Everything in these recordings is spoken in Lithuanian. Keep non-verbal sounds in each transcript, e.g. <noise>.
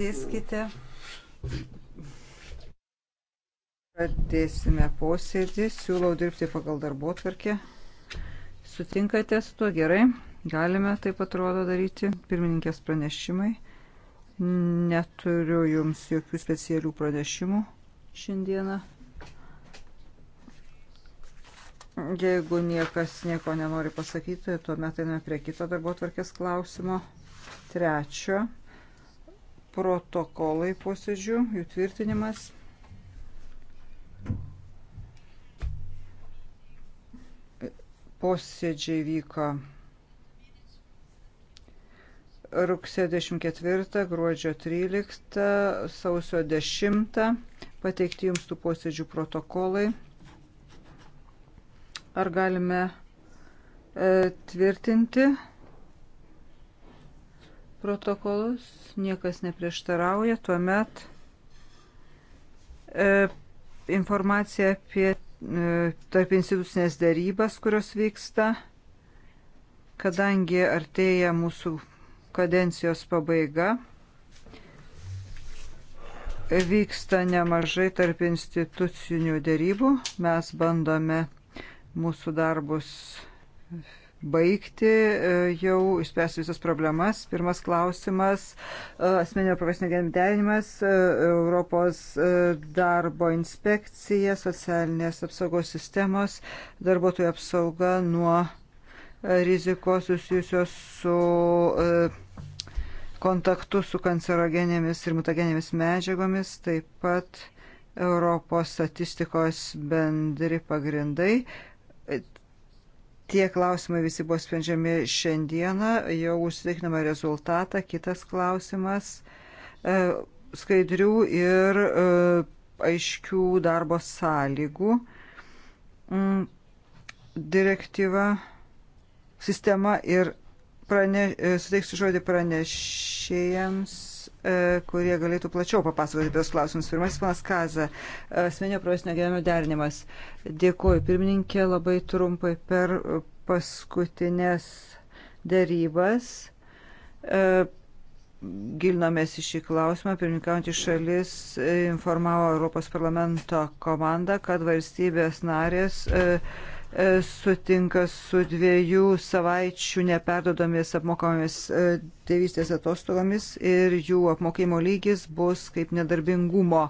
Sėskite. Pradėsime posėdį. Siūlau dirbti pagal darbo tvarkę. Sutinkate su tuo gerai? Galime taip atrodo daryti. Pirmininkės pranešimai. Neturiu jums jokių specialių pranešimų šiandieną. Jeigu niekas nieko nenori pasakyti, tuomet einame prie kito darbo tvarkės klausimo. Trečio protokolai posėdžių, jų tvirtinimas. Posėdžiai vyko rugsėjo 24, gruodžio 13, sausio 10. Pateikti jums tų posėdžių protokolai. Ar galime e, tvirtinti? protokolus, niekas neprieštarauja, tuomet e, informacija apie e, tarp institucinės darybas, kurios vyksta, kadangi artėja mūsų kadencijos pabaiga, vyksta nemažai tarp institucinių darybų, mes bandome mūsų darbus baigti, e, jau išspręsti visas problemas. Pirmas klausimas e, - asmeninio profesinio gyvenimo derinimas, e, Europos darbo inspekcija, socialinės apsaugos sistemos, darbuotojų apsauga nuo rizikos susijusios su kontaktu su kancerogenėmis ir mutagenėmis medžiagomis, taip pat Europos statistikos bendri pagrindai, Tie klausimai visi buvo sprendžiami šiandieną, jau užsitikrinama rezultatą. Kitas klausimas e, - skaidrių ir e, aiškių darbo sąlygų mm, direktyva, sistema ir prane, e, suteiksiu žodį pranešėjams. E, kurie galėtų plačiau papasakoti apie tos klausimus. Pirmasis panas Kaza, asmenio profesinio gyvenimo derinimas. Dėkuoju, pirmininkė, labai trumpai per paskutinės dėrybas. E, gilinomės į šį klausimą. Pirmininkaujantys šalis informavo Europos parlamento komandą, kad valstybės narės e, E, sutinka su dviejų savaičių neperdodomis apmokomis e, tėvystės atostogomis ir jų apmokėjimo lygis bus kaip nedarbingumo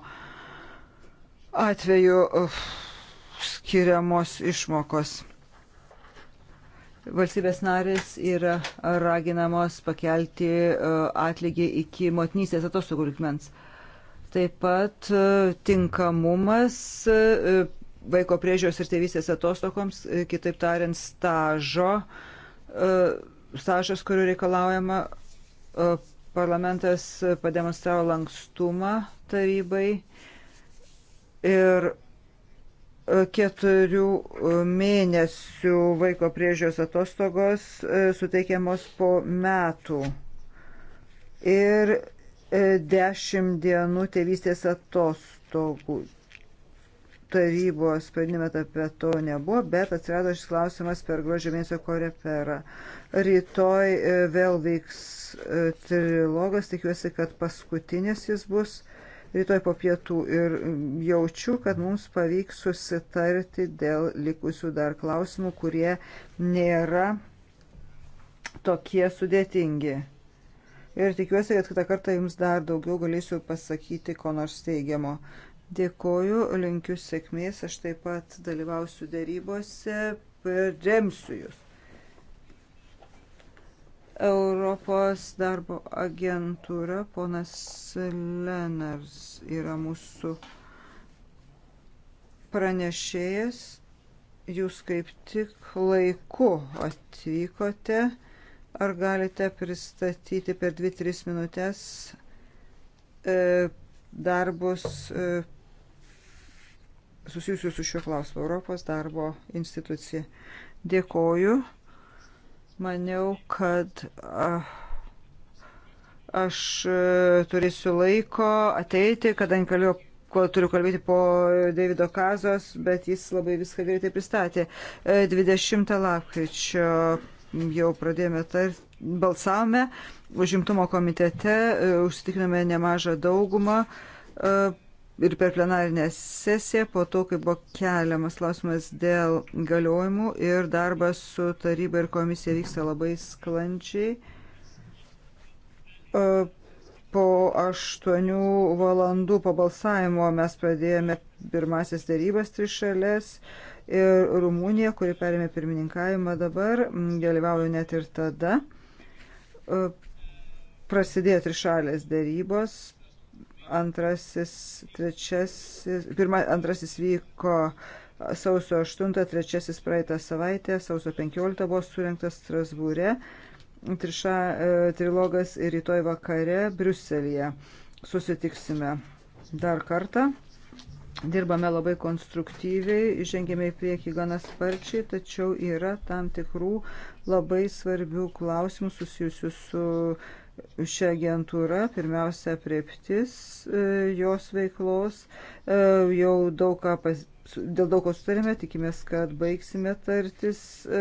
atveju skiriamos išmokos. Valstybės narės yra raginamos pakelti e, atlygį iki motinystės atostogų likmens. Taip pat tinkamumas vaiko priežios ir tėvystės atostogoms, e, kitaip tariant, stažo, e, stažas, kuriuo reikalaujama, e, parlamentas pademonstravo lankstumą tarybai ir keturių mėnesių vaiko priežios atostogos suteikiamos po metų ir dešimt dienų tėvystės atostogų tarybos sprendime apie to nebuvo, bet atsirado šis klausimas per gruodžio mėnesio koreperą. Rytoj e, vėl vyks e, trilogas, tikiuosi, kad paskutinis jis bus rytoj po pietų ir jaučiu, kad mums pavyks susitarti dėl likusių dar klausimų, kurie nėra tokie sudėtingi. Ir tikiuosi, kad kitą kartą jums dar daugiau galėsiu pasakyti, ko nors teigiamo. Dėkoju, linkiu sėkmės, aš taip pat dalyvausiu darybose, remsiu jūs. Europos darbo agentūra, ponas Lenars yra mūsų pranešėjas. Jūs kaip tik laiku atvykote. Ar galite pristatyti per 2-3 minutės e, darbus e, susijusių su šiuo klausimu Europos darbo institucija. Dėkoju. Maniau, kad a, aš e, turėsiu laiko ateiti, kadangi kalbėjau ko turiu kalbėti po Davido Kazos, bet jis labai viską greitai pristatė. 20 e, lapkričio jau pradėjome tar, balsavome užimtumo komitete, e, užsitikrinome nemažą daugumą ir per plenarinę sesiją, po to, kai buvo keliamas klausimas dėl galiojimų ir darbas su taryba ir komisija vyksta labai sklančiai. E, po aštuonių valandų po balsavimo mes pradėjome pirmasis darybas trišalės ir Rumunija, kuri perėmė pirmininkavimą dabar, dalyvauju net ir tada. E, prasidėjo trišalės darybos, Antrasis, trečiasis, pirma, antrasis vyko sausio 8, trečiasis praeitą savaitę, sausio 15 buvo surinktas Strasbūre, triša, e, trilogas ir rytoj vakare Briuselėje. Susitiksime dar kartą. Dirbame labai konstruktyviai, žengėme į priekį gana sparčiai, tačiau yra tam tikrų labai svarbių klausimų susijusių su uh, šią agentūrą, pirmiausia, prieptis e, jos veiklos. E, jau daug ką pas, dėl daug ko sutarėme, tikimės, kad baigsime tartis e,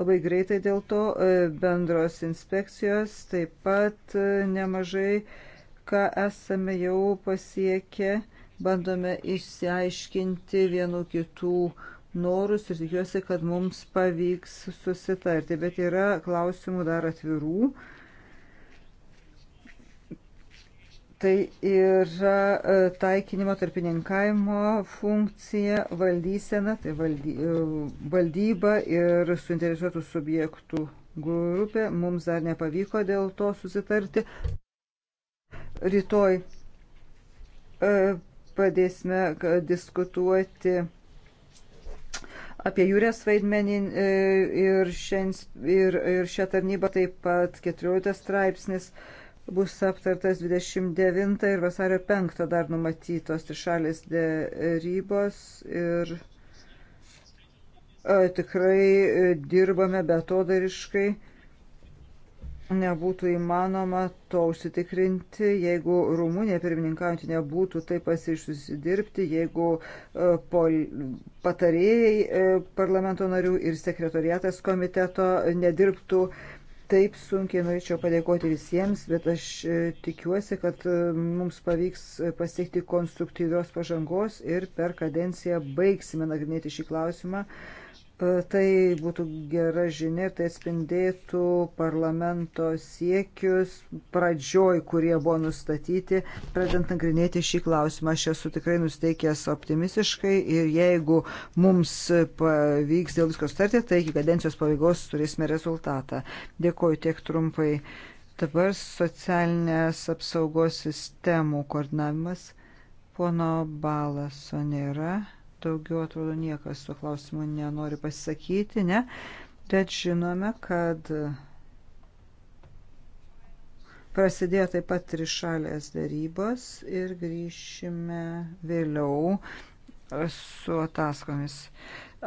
labai greitai dėl to. Bendros inspekcijos taip pat nemažai, ką esame jau pasiekę, bandome išsiaiškinti vienų kitų norus ir tikiuosi, kad mums pavyks susitarti, bet yra klausimų dar atvirų Tai yra e, taikinimo tarpininkavimo funkcija, valdysena, tai valdy, e, valdyba ir suinteresuotų subjektų grupė. Mums dar nepavyko dėl to susitarti. Rytoj e, padėsime diskutuoti apie jūrės vaidmenį ir, šiandien, ir, ir šią tarnybą taip pat 14 straipsnis bus aptartas 29 ir vasario 5 dar numatytos trišalės dėrybos ir e, tikrai e, dirbame betodariškai. Nebūtų įmanoma to užsitikrinti, jeigu Rumunija pirmininkaujantį nebūtų taip pasišusi dirbti, jeigu e, pol, patarėjai parlamento narių ir sekretoriatas komiteto nedirbtų uh, taip sunkiai norėčiau padėkoti visiems, bet aš e, tikiuosi, kad e, mums pavyks e, pasiekti konstruktyvios pažangos ir per kadenciją baigsime nagrinėti šį klausimą. E, tai būtų gera žinia, tai atspindėtų parlamento siekius pradžioj, kurie buvo nustatyti, pradedant nagrinėti šį klausimą. Aš esu tikrai nusteikęs optimistiškai ir jeigu mums pavyks dėl visko starti, tai iki kadencijos pabaigos turėsime rezultatą. Dėkoju tiek trumpai. Dabar socialinės apsaugos sistemų koordinavimas. Pono Balaso nėra. Daugiau atrodo niekas tuo klausimu nenori pasisakyti, ne? Bet žinome, kad prasidėjo taip pat trišalės darybos ir grįšime vėliau su ataskomis.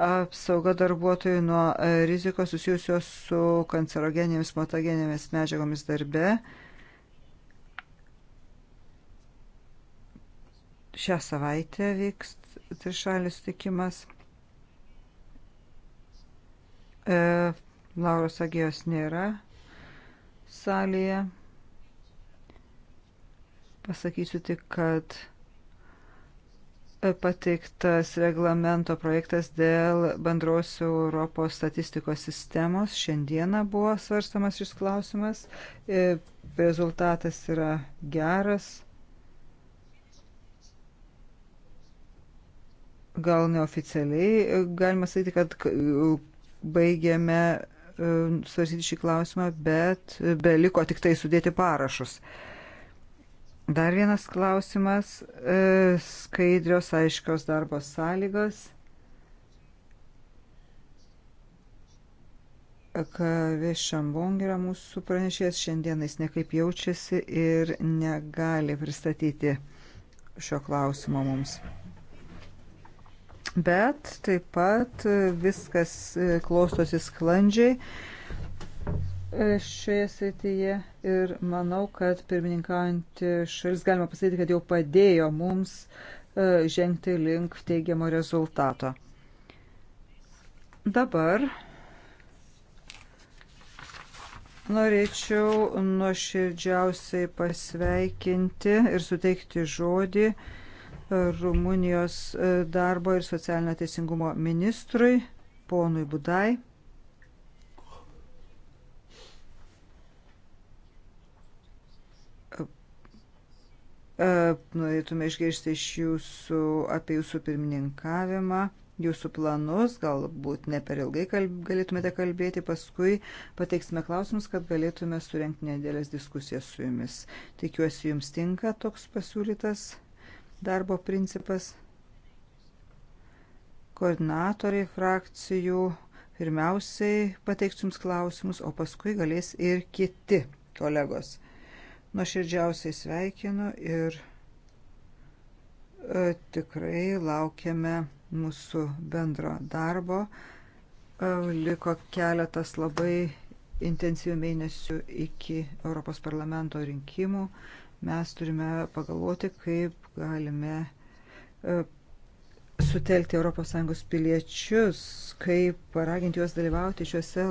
Apsauga darbuotojų nuo rizikos susijusios su kancerogeninėmis, mutagenėmis medžiagomis darbe. Šią savaitę vyks trišalis tikimas. E, Lauros Agijos nėra salėje. Pasakysiu tik, kad e, pateiktas reglamento projektas dėl bendros Europos statistikos sistemos. Šiandieną buvo svarstamas šis klausimas. E, rezultatas yra geras. gal neoficialiai galima sakyti, kad baigėme e, svarstyti šį klausimą, bet beliko tik tai sudėti parašus. Dar vienas klausimas e, - skaidrios, aiškios darbo sąlygos. Kavės Šambong yra mūsų pranešėjas, šiandien jis nekaip jaučiasi ir negali pristatyti šio klausimo mums bet taip pat e, viskas e, klostosi sklandžiai e, šioje srityje ir manau, kad pirmininkaujantį šalis galima pasakyti, kad jau padėjo mums žengti link teigiamo rezultato. Dabar norėčiau nuoširdžiausiai pasveikinti ir suteikti žodį uh, Rumunijos e, darbo ir socialinio teisingumo ministrui, ponui Budai. E, norėtume išgirsti iš jūsų apie jūsų pirmininkavimą, jūsų planus, galbūt ne per ilgai kalb, galėtumėte kalbėti, paskui pateiksime klausimus, kad galėtume surenkti nedėlės diskusijas su jumis. Tikiuosi, jums tinka toks pasiūlytas darbo principas. Koordinatoriai frakcijų pirmiausiai pateiks jums klausimus, o paskui galės ir kiti kolegos. Nuoširdžiausiai sveikinu ir e, tikrai laukiame mūsų bendro darbo. E, liko keletas labai intensyvių mėnesių iki Europos parlamento rinkimų. Mes turime pagalvoti, kaip galime e, sutelkti ES piliečius, kaip paraginti juos dalyvauti šiuose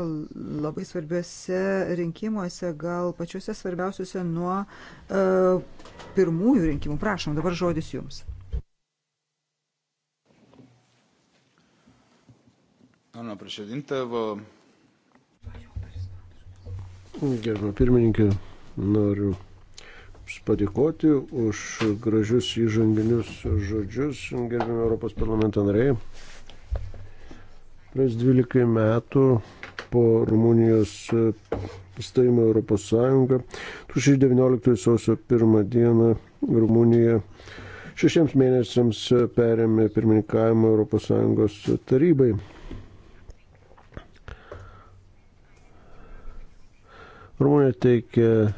labai svarbiuose rinkimuose, gal pačiuose svarbiausiuose nuo uh, pirmųjų rinkimų. Prašom, dabar žodis jums. Doamna președintă, vă... Gerbama pirmininkė, noriu padėkoti už gražius įžanginius žodžius, gerbimi Europos parlamento nariai. Praėjus 12 metų po Rumunijos įstojimo Europos Sąjungą, 2019 sausio 1 dieną Rumunija šešiems mėnesiams perėmė pirmininkavimą Europos Sąjungos tarybai. Rumunija teikia e,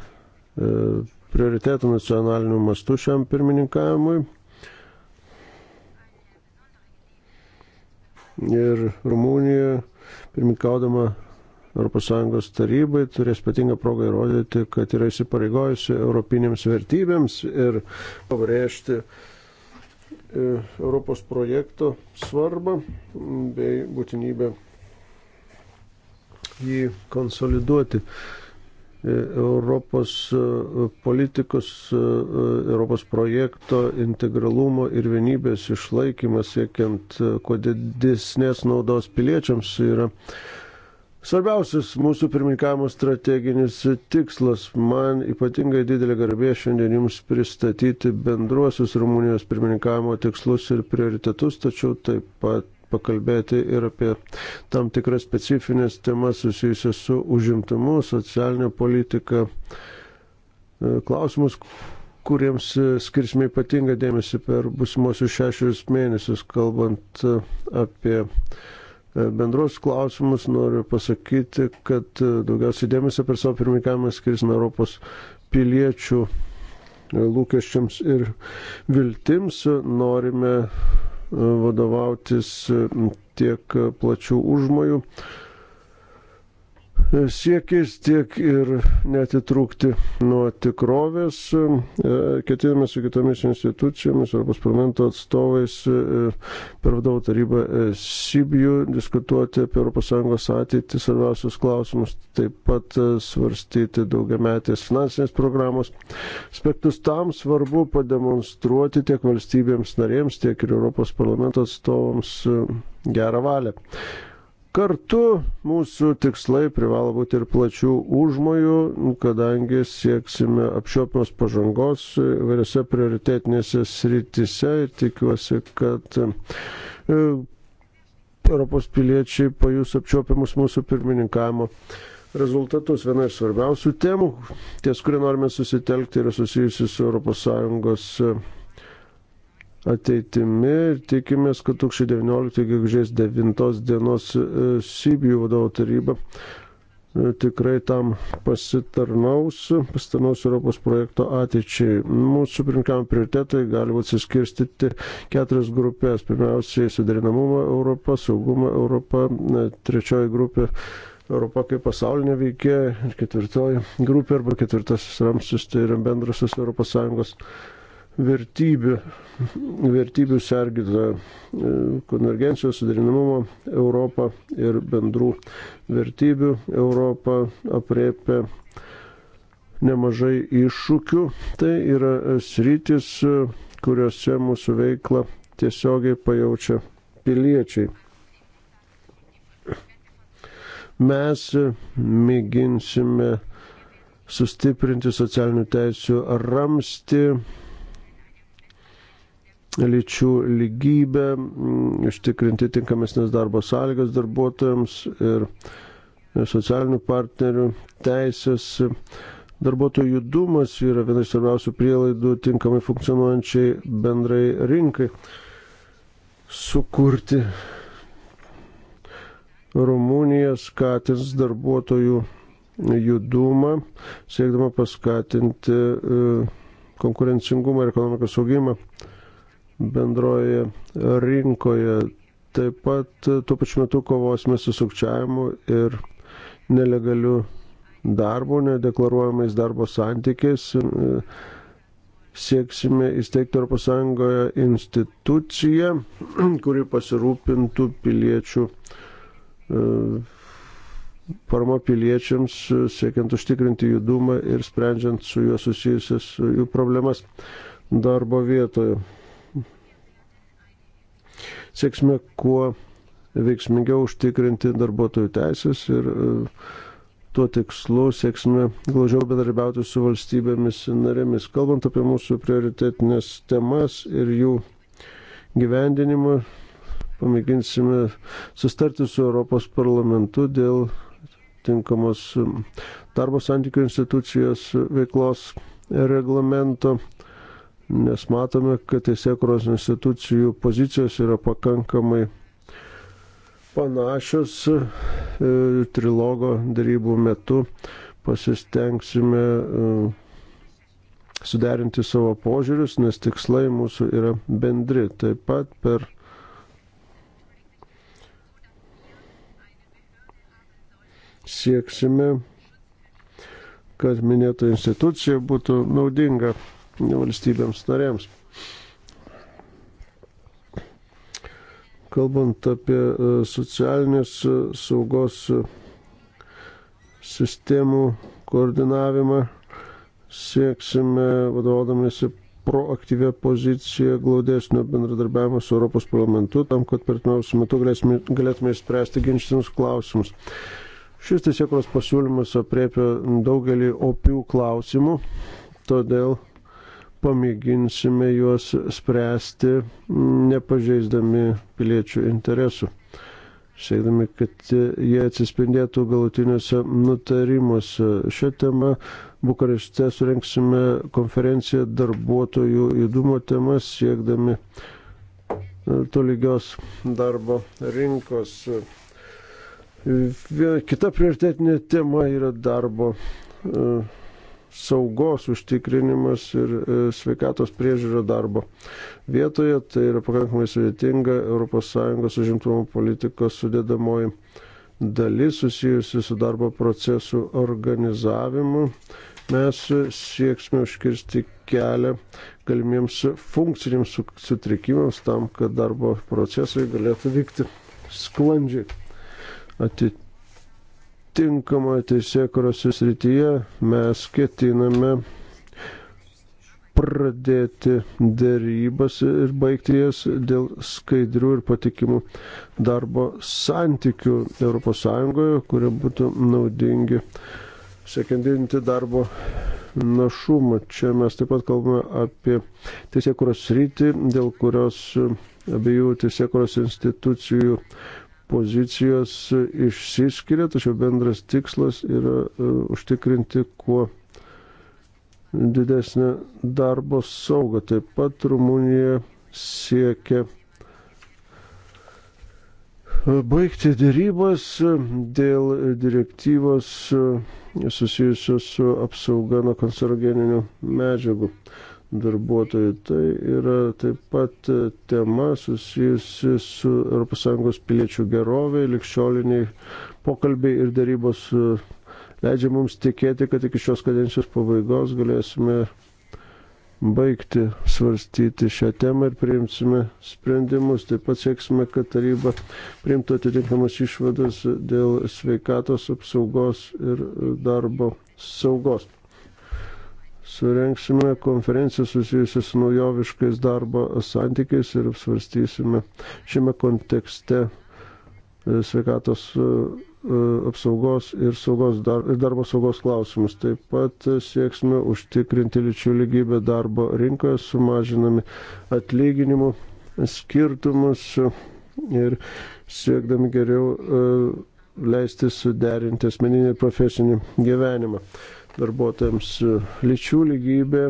prioritėtų nacionaliniu mastu šiam pirmininkavimui. Ir Rumunija, pirmininkaudama ES tarybai, turės patingą progą įrodyti, kad yra įsipareigojusi europinėms vertybėms ir pabrėžti e, Europos projekto svarbą bei būtinybę jį konsoliduoti. E, Europos e, politikos, e, Europos projekto integralumo ir vienybės išlaikymas siekiant kuo didesnės naudos piliečiams yra svarbiausias mūsų pirmininkavimo strateginis tikslas. Man ypatingai didelė garbė šiandien jums pristatyti bendruosius Rumunijos pirmininkavimo tikslus ir prioritetus, tačiau taip pat pakalbėti ir apie tam tikras specifines temas susijusias su užimtumu, socialinė politika, e, klausimus, kuriems e, skirsime ypatingą dėmesį per busimuosius šešerius mėnesius, kalbant e, apie bendros klausimus, noriu pasakyti, kad daugiausiai dėmesio per savo pirmininkavimą skirsime Europos piliečių lūkesčiams ir viltims. Norime vadovautis e, tiek plačių užmojų siekiais, tiek ir netitrūkti nuo tikrovės. E, ketiname su kitomis institucijomis, Europos parlamento atstovais e, per vadovų tarybą e, Sibijų diskutuoti apie ES ateitį svarbiausius klausimus, taip pat svarstyti daugiametės finansinės programos. Aspektus tam svarbu pademonstruoti tiek valstybėms narėms, tiek ir Europos parlamento atstovams gerą valią. Kartu mūsų tikslai privalo būti ir plačių užmojų, kadangi sieksime apčiopios pažangos įvairiose prioritetinėse srityse ir tikiuosi, kad e, Europos piliečiai pajus apčiopiamus mūsų pirmininkavimo rezultatus. Viena iš svarbiausių temų, ties kuri norime susitelkti, yra susijusi su ES ateitimi ir tikimės, kad 2019 gegužės 9 dienos e, Sibijų vadovo taryba e, tikrai tam pasitarnaus, pasitarnaus Europos projekto ateičiai. Mūsų pirmkiam prioritetai gali būti suskirstyti keturias grupės. Pirmiausiai suderinamumo Europą, saugumo Europą, e, trečioji grupė Europa kaip pasaulinė veikėja ir ketvirtoji grupė arba ketvirtasis ramstis tai yra bendrasis ES vertybių, vertybių sergita e, konvergencijos sudarinamumo Europą ir bendrų vertybių Europą apriepia nemažai iššūkių. Tai yra e, sritis, e, kuriuose mūsų veikla tiesiogiai pajaučia piliečiai. Mes mėginsime sustiprinti socialinių teisių ramsti lyčių lygybę, ištikrinti mm, tinkamesnės darbo sąlygas darbuotojams ir socialinių partnerių teisės. Darbuotojų judumas yra viena iš svarbiausių prielaidų tinkamai funkcionuojančiai bendrai rinkai sukurti. Rumunija skatins darbuotojų judumą, siekdama paskatinti e, konkurencingumą ir ekonomikos augimą bendroje rinkoje. Taip pat e, tuo pačiu metu kovosime su sukčiavimu ir nelegaliu darbu, nedeklaruojamais darbo santykiais. E, sieksime įsteigti ES instituciją, <clears throat> kuri pasirūpintų piliečių e, parama piliečiams, siekiant užtikrinti judumą ir sprendžiant su juo susijusias jų problemas darbo vietoje sieksime kuo veiksmingiau užtikrinti darbuotojų teisės ir e, tuo tikslu sieksime glaudžiau bendarbiauti su valstybėmis narėmis. Kalbant apie mūsų prioritetinės temas ir jų gyvendinimą, pamėginsime sustarti su Europos parlamentu dėl tinkamos darbo santykių institucijos veiklos reglamento nes matome, kad teisėkuros institucijų pozicijos yra pakankamai panašios e, trilogo darybų metu. Pasistengsime e, suderinti savo požiūrius, nes tikslai mūsų yra bendri. Taip pat per sieksime, kad minėta institucija būtų naudinga valstybėms narėms. Kalbant apie e, socialinės e, saugos e, sistemų koordinavimą, sieksime vadovaudomėsi proaktyvę poziciją glaudesnio bendradarbiavimo su Europos parlamentu, tam, kad per artimiausiu metu galėsime, galėtume išspręsti ginčytinus klausimus. Šis teisėkros pasiūlymas apriepia daugelį opių klausimų, todėl pamėginsime juos spręsti, mm, nepažeisdami piliečių interesų, siekdami, kad jie atsispindėtų galutiniuose nutarimuose. Šią temą Bukarešte surenksime konferenciją darbuotojų įdumo temas, siekdami e, tolygios darbo rinkos. Kita prioritetinė tema yra darbo e, saugos užtikrinimas ir e, sveikatos priežiūro darbo vietoje. Tai yra pakankamai sudėtinga ES užimtumo politikos sudėdamoji dalis susijusi su darbo procesų organizavimu. Mes sieksime užkirsti kelią galimiems funkciniams sutrikimams tam, kad darbo procesai galėtų vykti sklandžiai. Atitinkamai atitinkamoje teisėkuros srityje mes ketiname pradėti dėrybas ir baigti jas dėl skaidrių ir patikimų darbo santykių ES, kurie būtų naudingi siekiant didinti darbo našumą. Čia mes taip pat kalbame apie teisėkuros rytį, dėl kurios abiejų teisėkuros institucijų pozicijos išsiskiria, tačiau bendras tikslas yra e, užtikrinti kuo didesnę darbo saugą. Taip pat Rumunija siekia e, baigti dėrybas e, dėl direktyvos susijusios su apsauga nuo kancerogeninių medžiagų darbuotojų. Tai yra taip pat tema susijusi su ES piliečių gerovė, likščioliniai pokalbiai ir darybos e, leidžia mums tikėti, kad iki šios kadencijos pabaigos galėsime baigti svarstyti šią temą ir priimsime sprendimus. Taip pat sieksime, kad taryba priimtų atitinkamas išvadas dėl sveikatos apsaugos ir darbo saugos surenksime konferenciją susijusią su naujoviškais darbo santykiais ir apsvarstysime šiame kontekste e, sveikatos e, e, apsaugos ir, saugos dar, ir darbo saugos klausimus. Taip pat sieksime užtikrinti lyčių lygybę darbo rinkoje, sumažinami atlyginimų skirtumus ir siekdami geriau leisti suderinti asmeninį ir profesinį gyvenimą darbuotojams. E, lyčių lygybė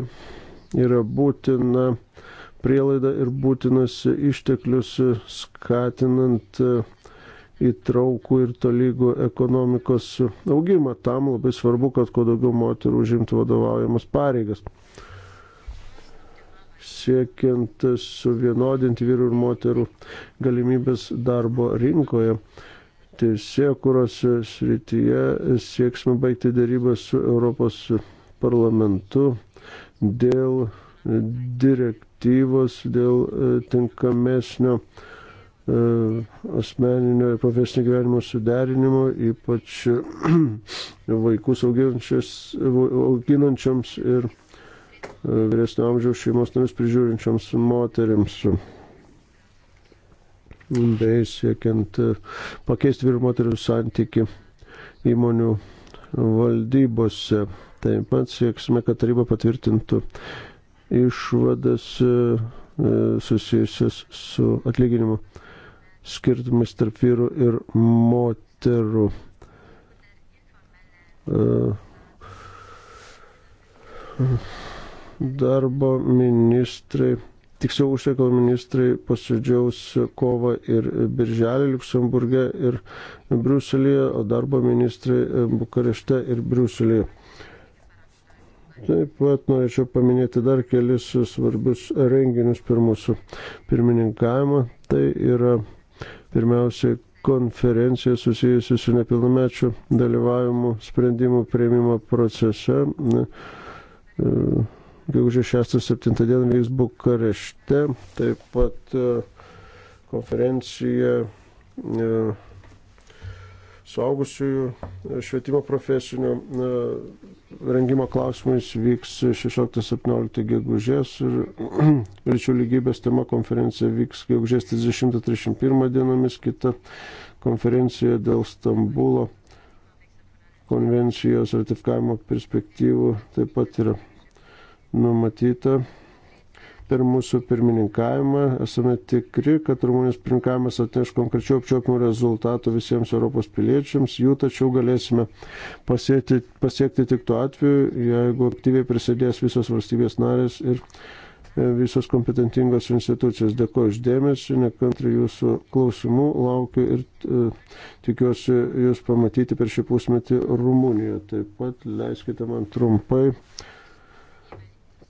yra būtina prielaida ir būtinas išteklius e, skatinant e, įtraukų ir tolygų ekonomikos augimą. Tam labai svarbu, kad kuo daugiau moterų užimtų vadovaujamas pareigas. Siekiant suvienodinti vyrų ir moterų galimybės darbo rinkoje, teisėkuros srityje sieksime baigti darybas su Europos parlamentu dėl direktyvos, dėl e, tinkamesnio e, asmeninio ir profesinio gyvenimo suderinimo, ypač e, <clears throat> vaikus auginančioms ir vyresnio amžiaus šeimos narius prižiūrinčioms moteriams bei siekiant e, pakeisti vyrų moterių santyki įmonių valdybose. Taip pat sieksime, kad taryba patvirtintų išvadas e, e, susijusias su atlyginimu skirtumais tarp vyrų ir moterų. Darbo ministrai tiksliau užsienio reikalų ministrai posėdžiaus kovą ir birželį Luksemburge ir Briuselėje, o darbo ministrai Bukarešte ir Briuselėje. Taip pat norėčiau paminėti dar kelis svarbius renginius per mūsų pirmininkavimą. Tai yra pirmiausiai konferencija susijusi su nepilnamečių dalyvavimu sprendimų prieimimo procese. Ne, ne, gegužės 6-7 dieną vyks Bukarešte, taip pat e, konferencija e, suaugusiųjų švietimo profesinio e, rengimo klausimais vyks 16-17 gegužės ir <clears throat> lyčių lygybės tema konferencija vyks gegužės 30-31 dienomis, kita konferencija dėl Stambulo konvencijos ratifikavimo perspektyvų taip pat yra numatyta per mūsų pirmininkavimą. Esame tikri, kad Rumunijos pirmininkavimas atneš konkrečių apčiopimų rezultatų visiems Europos piliečiams. Jų tačiau galėsime pasiekti, pasiekti tik tuo atveju, jeigu aktyviai prisidės visos valstybės narės ir e, visos kompetentingos institucijos. Dėkuoju uždėmesi, nekantri jūsų klausimų, laukiu ir e, tikiuosi jūs pamatyti per šį pusmetį Rumunijoje. Taip pat leiskite man trumpai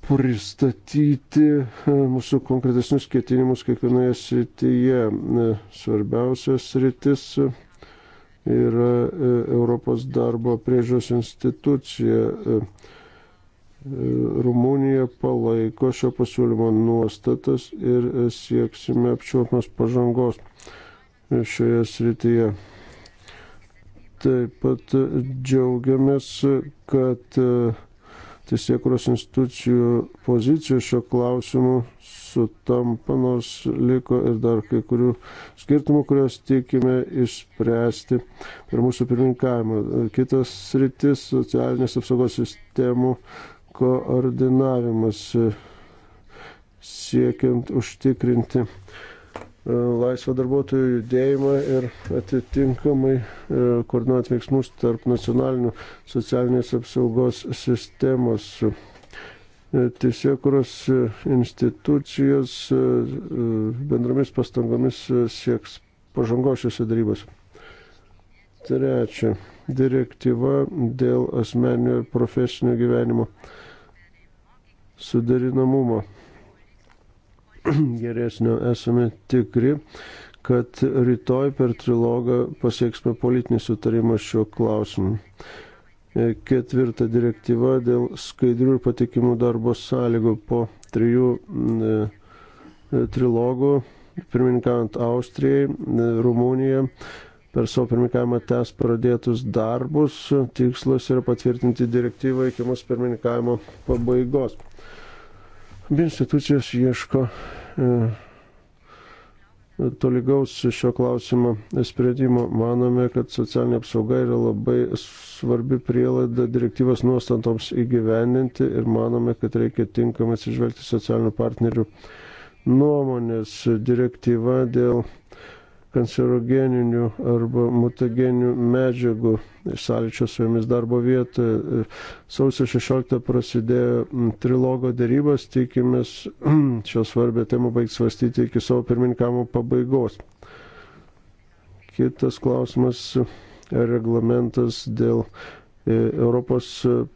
pristatyti e, mūsų konkretesnius ketinimus kiekvienoje srityje. E, svarbiausias sritis yra e, Europos darbo priežos institucija. Rumunija palaiko šio pasiūlymo nuostatas ir sieksime apčiuopios pažangos šioje srityje. Taip pat džiaugiamės, kad uh, teisėkuros institucijų pozicijos šio klausimu sutampa, nors liko ir dar kai kurių skirtumų, kurios tikime išspręsti per mūsų pirmininkavimą. Kitas sritis - socialinės apsaugos sistemų koordinavimas siekiant užtikrinti E, laisvą darbuotojų judėjimą ir atitinkamai e, koordinuojant veiksmus tarp nacionalinių socialinės apsaugos sistemos. E, teisėkuros institucijos bendromis pastangomis sieks pažangos šiuose darybose. Trečia. Direktyva dėl asmeninio ir profesinio gyvenimo suderinamumo. <clears throat> geresnio esame tikri, kad rytoj per trilogą pasieksime politinį sutarimą šiuo klausimu. E, ketvirta direktyva dėl skaidrių ir patikimų darbo sąlygų po trijų e, e, trilogų, pirmininkant Austrijai, Rumunija, per savo pirmininkavimą tęs pradėtus darbus. Tikslas yra patvirtinti direktyvą iki mūsų pirmininkavimo pabaigos. Abi institucijos ieško e, tolygaus šio klausimo sprendimo. Manome, kad socialinė apsauga yra labai svarbi prielaida direktyvos nuostatoms įgyvendinti ir manome, kad reikia tinkamai atsižvelgti socialinių partnerių nuomonės. Direktyva dėl kancerogeninių arba mutageninių medžiagų iš sąlyčio su jomis darbo vietoje. Sausio 16 prasidėjo trilogo dėrybos, tikimės <clears throat> šią svarbę temą baigti svarstyti iki savo pirmininkamo pabaigos. Kitas klausimas - reglamentas dėl e, Europos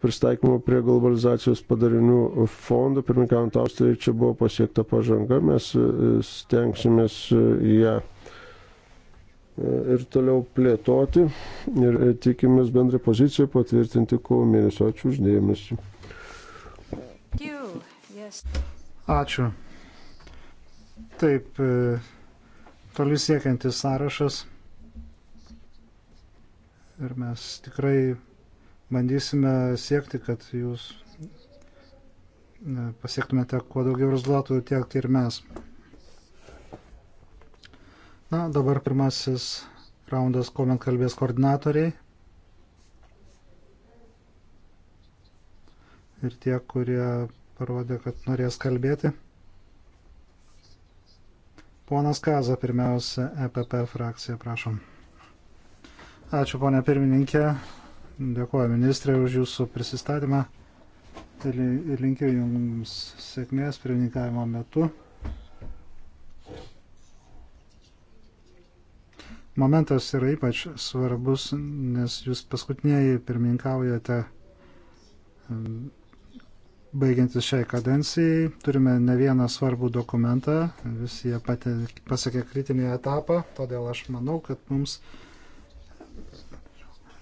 pristaikymo prie globalizacijos padarinių fondų. Pirmininkaujant Austrijai čia buvo pasiekta pažanga, mes e, stengsimės e, ją. Ja ir toliau plėtoti ir e, tikimės bendrą poziciją patvirtinti kovo mėnesį. Ačiū uždėmesi. Ačiū. Taip, e, toli siekiantis sąrašas. Ir mes tikrai bandysime siekti, kad jūs e, pasiektumėte kuo daugiau rezultatų tiek ir mes. Na, dabar pirmasis raundas, kuomet kalbės koordinatoriai. Ir tie, kurie parodė, kad norės kalbėti. Ponas Kaza, pirmiausia, EPP frakcija, prašom. Ačiū, ponė pirmininkė. Dėkuoju ministrė už jūsų prisistatymą ir linkiu jums sėkmės pirmininkavimo metu. momentas yra ypač svarbus, nes jūs paskutiniai pirmininkaujate baigiantis šiai kadencijai. Turime ne vieną svarbų dokumentą, visi jie pasiekė kritinį etapą, todėl aš manau, kad mums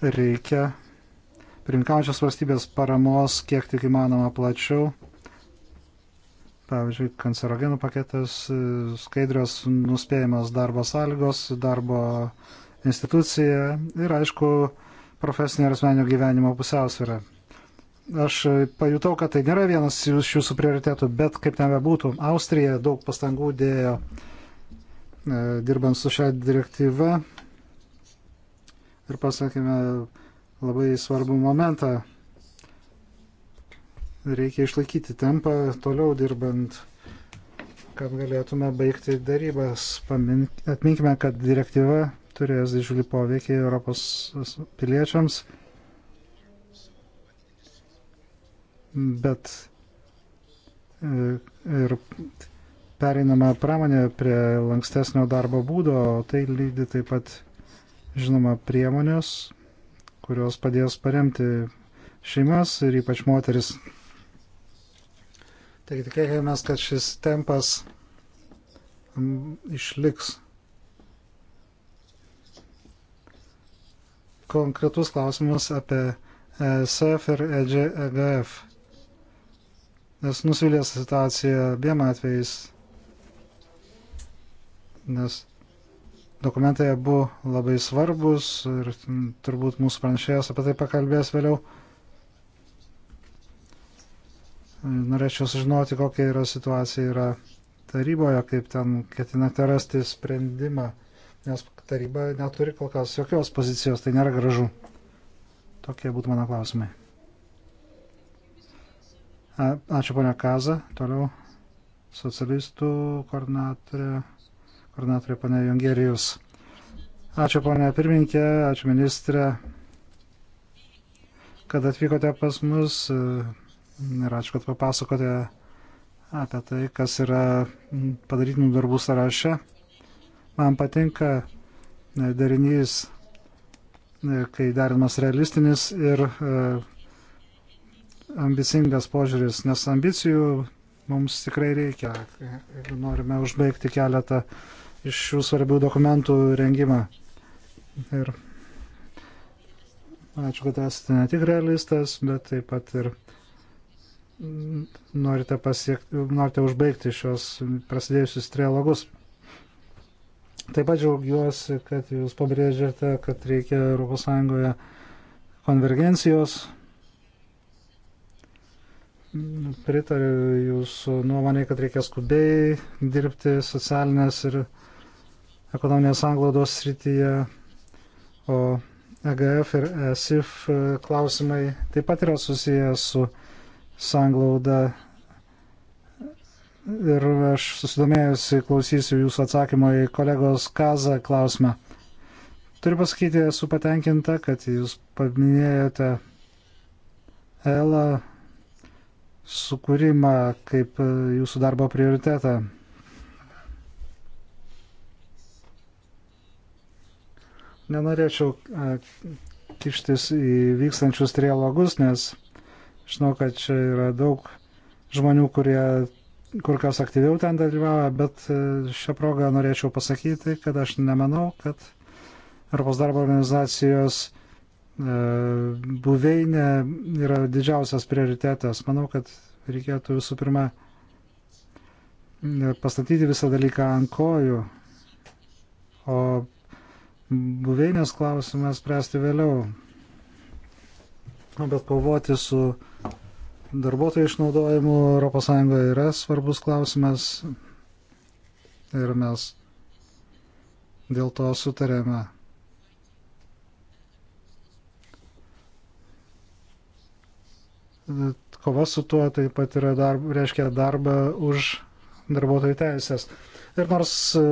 reikia pirmininkaujančios valstybės paramos kiek tik įmanoma plačiau Pavyzdžiui, kancerogenų paketas, e, skaidrios nuspėjimas darbo sąlygos, darbo institucija ir, aišku, profesinio ir asmenio gyvenimo pusiausvyrą. Aš e, pajutau, kad tai nėra vienas iš jūsų prioritėtų, bet kaip ten bebūtų, Austrija daug pastangų dėjo e, dirbant su šią direktyvą ir pasakėme labai svarbų momentą reikia išlaikyti tempą toliau dirbant, kad galėtume baigti darybas. Pamink, atminkime, kad direktyva turės didžiulį poveikį Europos piliečiams, bet e, ir pereinama pramonė prie lankstesnio darbo būdo, tai lydi taip pat, žinoma, priemonės, kurios padės paremti šeimas ir ypač moteris Taigi tikėkime, kad šis tempas išliks. Konkretus klausimas apie ESF e ir EGF. E nes nusvilė situacija abiem atvejais, nes dokumentai abu labai svarbus ir turbūt mūsų pranešėjas apie tai pakalbės vėliau. Norėčiau sužinoti, kokia yra situacija yra taryboje, kaip ten ketinate rasti sprendimą, nes taryba neturi kol kas jokios pozicijos, tai nėra gražu. Tokie būtų mano klausimai. A, ačiū ponia Kaza, toliau socialistų koordinatorė, koordinatorė ponia Jongerijus. Ačiū ponia pirmininkė, ačiū ministrė, kad atvykote pas mus. E, ir ačiū, kad papasakote apie tai, kas yra padarytinų darbų sąraše. Man patinka e, darinys, e, kai darimas realistinis ir e, ambicingas požiūris, nes ambicijų mums tikrai reikia, jeigu norime užbaigti keletą iš šių svarbių dokumentų rengimą. Ir ačiū, kad esate ne tik realistas, bet taip pat ir norite, pasiekti, norite užbaigti šios prasidėjusius trialogus. Taip pat džiaugiuosi, kad jūs pabrėžiate, kad reikia ES konvergencijos. Pritariu jūsų nuomonė, kad reikia skubiai dirbti socialinės ir ekonominės anglaudos srityje, o EGF ir ESIF klausimai taip pat yra susijęs su sanglauda. Ir aš susidomėjusi klausysiu jūsų atsakymo į kolegos Kazą klausimą. Turiu pasakyti, esu patenkinta, kad jūs paminėjote ELA sukūrimą kaip jūsų darbo prioritetą. Nenorėčiau kištis į vykstančius trialogus, nes Žinau, kad čia yra daug žmonių, kurie kur kas aktyviau ten dalyvauja, bet e, šią progą norėčiau pasakyti, kad aš nemanau, kad Europos darbo organizacijos e, buveinė yra didžiausias prioritetas. Manau, kad reikėtų visų pirma e, pastatyti visą dalyką ant kojų, o buveinės klausimą spręsti vėliau. Bet kovoti su uh, darbuotojų išnaudojimu ES yra svarbus klausimas ir mes dėl to sutarėme. Kova su tuo taip pat yra darb, reiškia darbą už darbuotojų teisės. Ir nors e,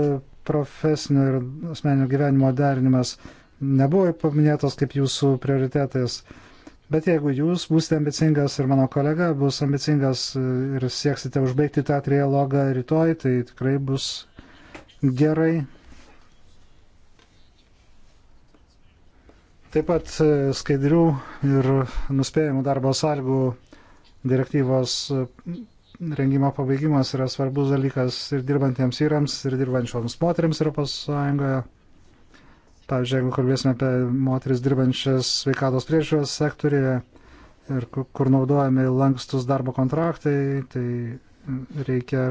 profesinio ir asmeninio gyvenimo derinimas nebuvo paminėtas kaip jūsų prioritetas, Bet jeigu jūs būsite ambicingas ir mano kolega bus ambicingas e, ir sieksite užbaigti tą trialogą rytoj, tai tikrai bus gerai. Taip pat e, skaidrių ir nuspėjimų darbo sąlygų direktyvos e, rengimo pabaigimas yra svarbus dalykas ir dirbantiems vyrams, ir dirbančioms moteriams Europos Sąjungoje. Pavyzdžiui, jeigu kalbėsime apie moteris dirbančias sveikatos priežiūros sektorėje ir kur naudojami lankstus darbo kontraktai, tai reikia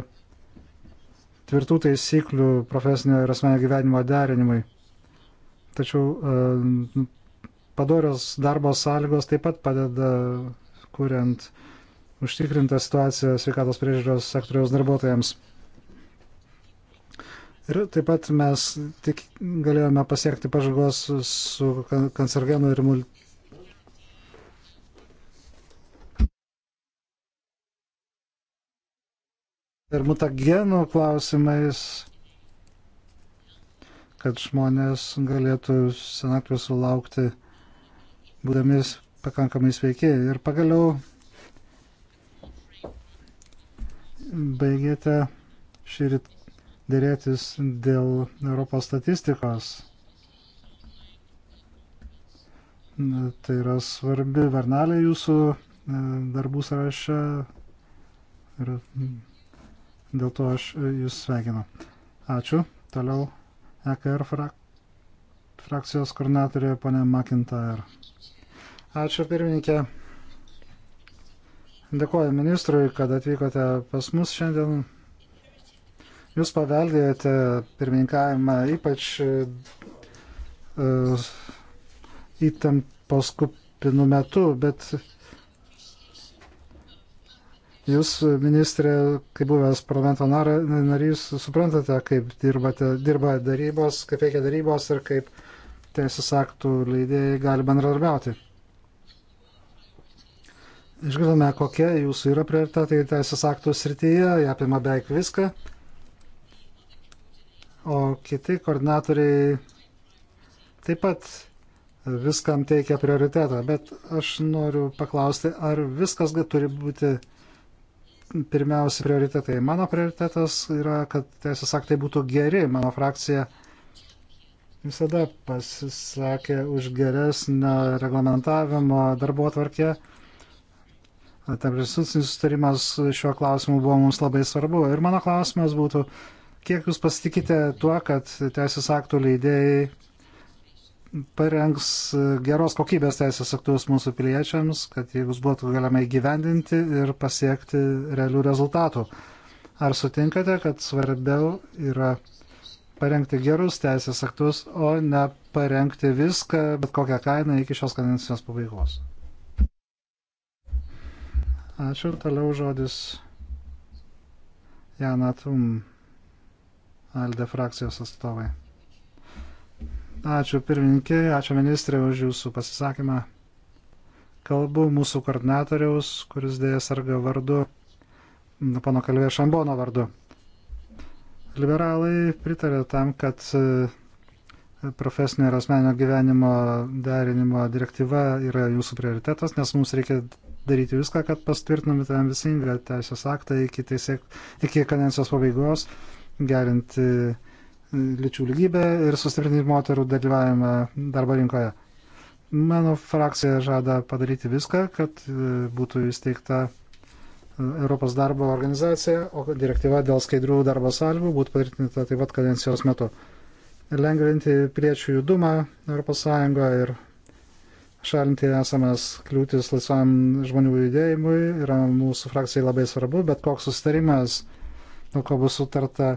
tvirtų taisyklių profesinio ir asmenio gyvenimo derinimui. Tačiau e, padorios darbo sąlygos taip pat padeda kuriant užtikrintą situaciją sveikatos priežiūros sektoriaus darbuotojams. Ir taip pat mes tik galėjome pasiekti pažangos su kancergenų ir mult... ir mutagenų klausimais, kad žmonės galėtų senatvės sulaukti, būdami pakankamai sveiki. Ir pagaliau baigėte šį rytą dėrėtis dėl Europos statistikos. Tai yra svarbi varnelė jūsų e, darbų sąraše ir dėl to aš e, jūs sveikinu. Ačiū. Toliau EKR frak frakcijos koordinatorė ponė McIntyre. Ačiū pirmininkė. Dėkuoju ministrui, kad atvykote pas mus šiandien. Jūs paveldėjote pirmininkavimą ypač uh, įtampos kupinų metų, bet jūs, ministrė, kaip buvęs parlamento narys, suprantate, kaip dirbate, dirba darybos, kaip veikia darybos ir kaip teisės aktų leidėjai gali bendradarbiauti. Išgirdome, kokie jūsų yra prioritetai teisės aktų srityje, jie apima beveik viską. Uh, o kiti koordinatoriai taip pat viskam teikia prioritetą. Bet aš noriu paklausti, ar viskas turi būti pirmiausia prioritetai. Mano prioritetas yra, kad teisės aktai būtų geri. Mano frakcija visada pasisakė už geresnio reglamentavimo darbo atvarkė. Tarptautinis sustarimas šiuo klausimu buvo mums labai svarbu. Ir mano klausimas būtų, Kiek Jūs pasitikite tuo, kad teisės aktų leidėjai parengs geros kokybės teisės aktus mūsų piliečiams, kad jie bus būtų galima įgyvendinti ir pasiekti realių rezultatų? Ar sutinkate, kad svarbiau yra parengti gerus teisės aktus, o ne parengti viską, bet kokią kainą iki šios kadencijos pabaigos? Ačiū, toliau žodis Jana Tum. Alde frakcijos atstovai. Ačiū pirmininkė, ačiū ministrė už jūsų pasisakymą. Kalbu mūsų koordinatoriaus, kuris dėja sarga vardu, nu, pono Kalvė Šambono vardu. Liberalai pritarė tam, kad e, profesinio ir asmenio gyvenimo derinimo direktyva yra jūsų prioritetas, nes mums reikia daryti viską, kad pastvirtinami tą ambicingą teisės aktą iki, teisė, iki kadencijos pabaigos gerinti e, lyčių lygybę ir sustiprinti moterų dalyvavimą darbo rinkoje. Mano frakcija žada padaryti viską, kad e, būtų įsteigta e, Europos darbo organizacija, o direktyva dėl skaidrių darbo sąlygų būtų patvirtinta taip pat kadencijos metu. Lengvinti piliečių judumą ES ir šalinti esamas kliūtis laisvam žmonių judėjimui yra mūsų frakcijai labai svarbu, bet koks sustarimas, dėl ko bus sutarta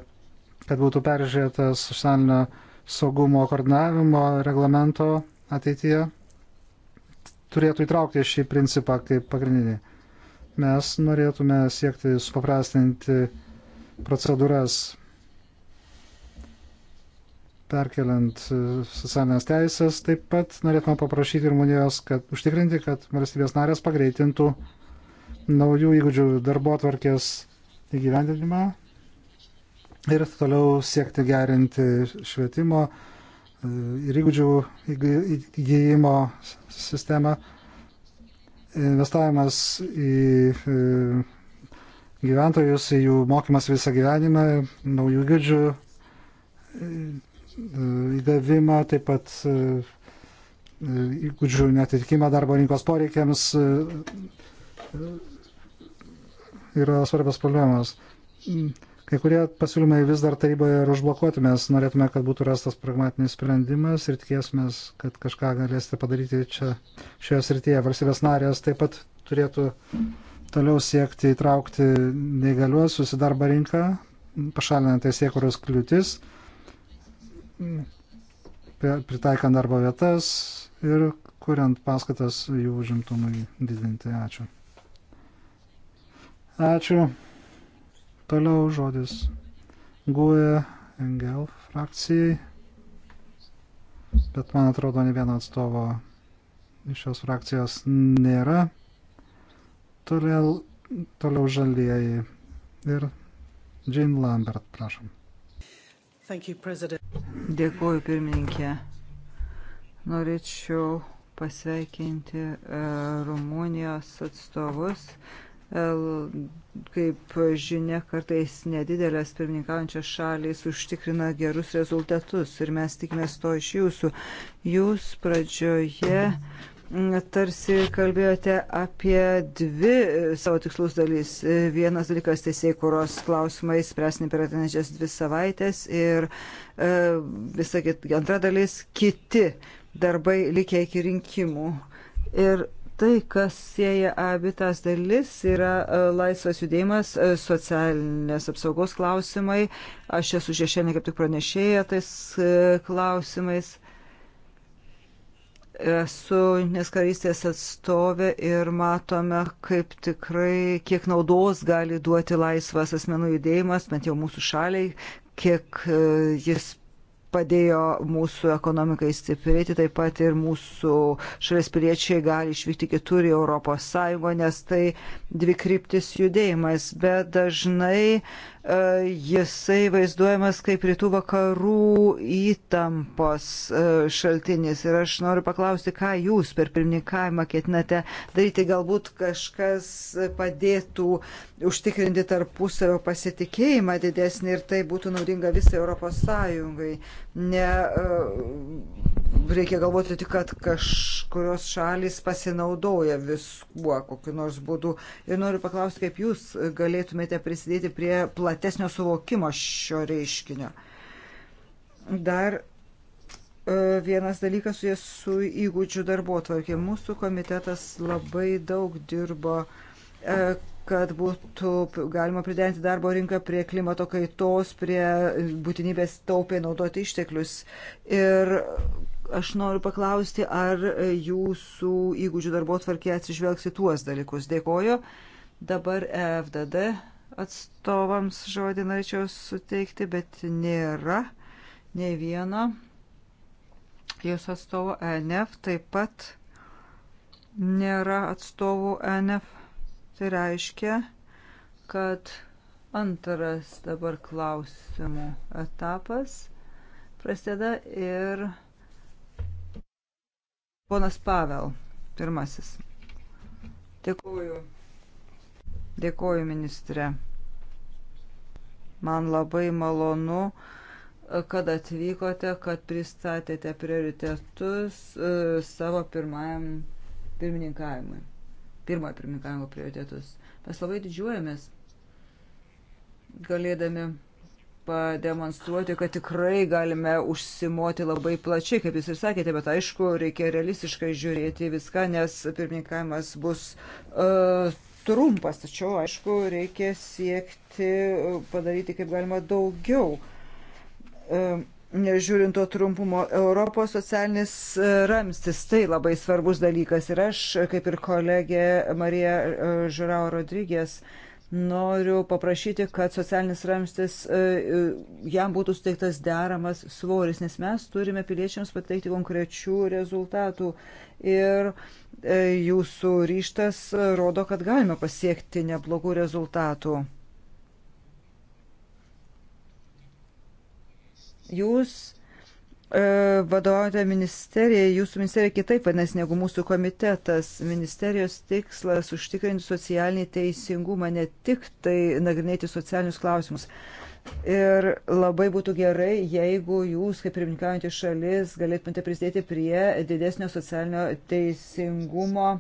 kad būtų peržiūrėtas socialinio saugumo koordinavimo reglamento ateityje, turėtų įtraukti šį principą kaip pagrindinį. Mes norėtume siekti supaprastinti procedūras perkeliant e, socialinės teisės, taip pat norėtume paprašyti Rumunijos, kad užtikrinti, kad valstybės narės pagreitintų naujų įgūdžių darbo atvarkės įgyvendinimą, ir toliau siekti gerinti švietimo e, ir įgūdžių įgyjimo sistemą. Investavimas į e, gyventojus, į jų mokymas visą gyvenimą, naujų įgūdžių e, įgavimą, taip pat įgūdžių netitikimą darbo rinkos poreikiams yra svarbios problemos. Mm. Kai kurie pasiūlymai vis dar taryboje ir užblokuoti. Mes norėtume, kad būtų rastas pragmatinis sprendimas ir tikėsime, kad kažką galėsite padaryti čia šioje srityje. Valstybės narės taip pat turėtų toliau siekti įtraukti neįgaliuosius į darbo rinką, pašalinant teisėkuros kliūtis, pritaikant darbo vietas ir kuriant paskatas jų užimtumui didinti. Ačiū. Ačiū. Toliau žodis Guė Engel frakcijai, bet man atrodo, ne vieno atstovo iš šios frakcijos nėra. Toliau, toliau žalieji ir Jane Lambert, prašom. You, Dėkuoju, pirmininkė. Norėčiau pasveikinti e, Rumunijos atstovus. Kaip žinia, kartais nedidelės pirmininkaujančios šalys užtikrina gerus rezultatus ir mes tikimės to iš jūsų. Jūs pradžioje tarsi kalbėjote apie dvi e, savo tikslus dalys. E, vienas dalykas teisėjai, kuros klausimai spręsni per ateinančias dvi savaitės ir e, visa kita antra dalis kiti darbai likę iki rinkimų. Ir tai, kas sieja abi tas dalis, yra e, laisvas judėjimas, e, socialinės apsaugos klausimai. Aš esu šešienė kaip tik pranešėja tais e, klausimais esu Junktinės karalystės atstovė ir matome, kaip tikrai, kiek naudos gali duoti laisvas asmenų judėjimas, bent jau mūsų šaliai, kiek jis padėjo mūsų ekonomikai stiprėti, taip pat ir mūsų šalies piliečiai gali išvykti kitur į Europos Sąjungą, nes tai dvi kryptis judėjimas, bet dažnai E, jisai vaizduojamas kaip rytų vakarų įtampos e, šaltinis. Ir aš noriu paklausti, ką jūs per pirmininkavimą ketinate daryti. Galbūt kažkas padėtų užtikrinti tarpusavio pasitikėjimą didesnį ir tai būtų naudinga visai Europos Sąjungai ne. E, reikia galvoti tik, kad kažkurios šalis pasinaudoja viskuo, kokiu nors būdu. Ir noriu paklausti, kaip jūs galėtumėte prisidėti prie platesnio suvokimo šio reiškinio. Dar e, vienas dalykas su jais su įgūdžių darbo tvarkė. Mūsų komitetas labai daug dirbo e, kad būtų galima pridengti darbo rinką prie klimato kaitos, prie būtinybės taupiai naudoti išteklius. Ir aš noriu paklausti, ar jūsų įgūdžių darbo tvarkė atsižvelgsi tuos dalykus. Dėkoju. Dabar e FDD atstovams žodį norėčiau suteikti, bet nėra nei vieno. Jos atstovo ENF taip pat nėra atstovų ENF Tai reiškia, kad antras dabar klausimų etapas prasideda ir ponas Pavel, pirmasis. Dėkuoju. Dėkuoju, ministrė. Man labai malonu kad atvykote, kad pristatėte prioritetus e, savo pirmajam pirmininkavimui pirmojo pirmininkavimo prioritetus. Mes labai didžiuojamės galėdami pademonstruoti, kad tikrai galime užsimoti labai plačiai, kaip jūs ir sakėte, bet aišku, reikia realistiškai žiūrėti viską, nes pirmininkavimas bus uh, trumpas, tačiau aišku, reikia siekti e, padaryti kaip galima daugiau. Uh, žiūrint to trumpumo, Europos socialinis e, ramstis, tai labai svarbus dalykas. Ir aš, kaip ir kolegė Marija e, Žurao Rodrygės, noriu paprašyti, kad socialinis ramstis, e, jam būtų suteiktas deramas svoris, nes mes turime piliečiams pateikti konkrečių rezultatų. Ir jūsų ryštas rodo, kad galime pasiekti neblogų rezultatų. jūs e, vadovaujate ministerijai, jūsų ministerija kitaip vadinasi negu mūsų komitetas. Ministerijos tikslas užtikrinti socialinį teisingumą, ne tik tai nagrinėti socialinius klausimus. Ir labai būtų gerai, jeigu jūs, kaip pirmininkaujantys šalis, galėtumėte prisidėti prie didesnio socialinio teisingumo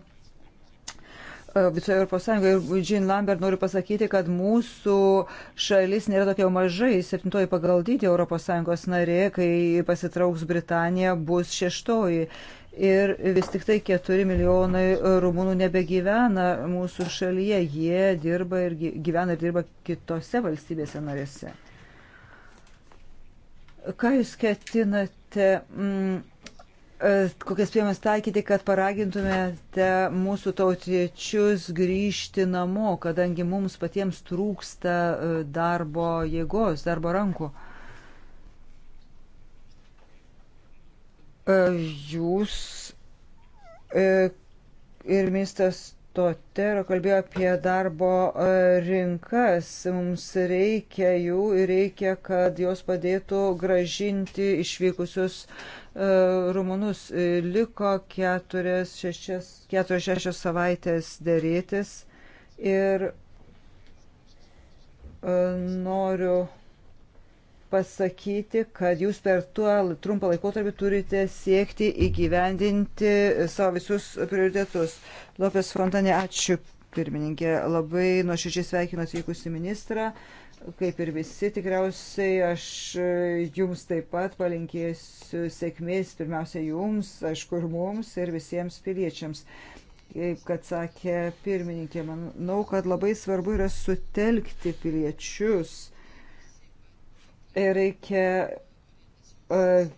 E, visoje Europos Sąjungoje. Ir Jean Lambert noriu pasakyti, kad mūsų šalis nėra tokia mažai, septintoji pagal dydį Europos Sąjungos narė, kai pasitrauks Britanija, bus šeštoji. Ir vis tik tai 4 milijonai rumūnų nebegyvena mūsų šalyje, jie dirba ir gyvena ir dirba kitose valstybėse narėse. Ką jūs ketinate? Mm, E, kokias priemonės taikyti, kad paragintumėte mūsų tautiečius grįžti namo, kadangi mums patiems trūksta e, darbo jėgos, darbo rankų. E, jūs ir ministras Totero kalbėjo apie darbo rinkas. Mums reikia jų ir reikia, kad jos padėtų gražinti išvykusius E, rumunus e, liko 4-6 savaitės dėrėtis ir e, noriu pasakyti, kad jūs per tuo trumpą laikotarpį turite siekti įgyvendinti savo visus prioritetus. Lopes Frontanė, ačiū pirmininkė, labai nuoširdžiai sveikinu atvykusi ministrą. Kaip ir visi, tikriausiai aš e, jums taip pat palinkėsiu sėkmės, pirmiausia jums, aišku, ir mums, ir visiems piliečiams. Kaip kad sakė pirmininkė, manau, kad labai svarbu yra sutelkti piliečius. Ir reikia uh,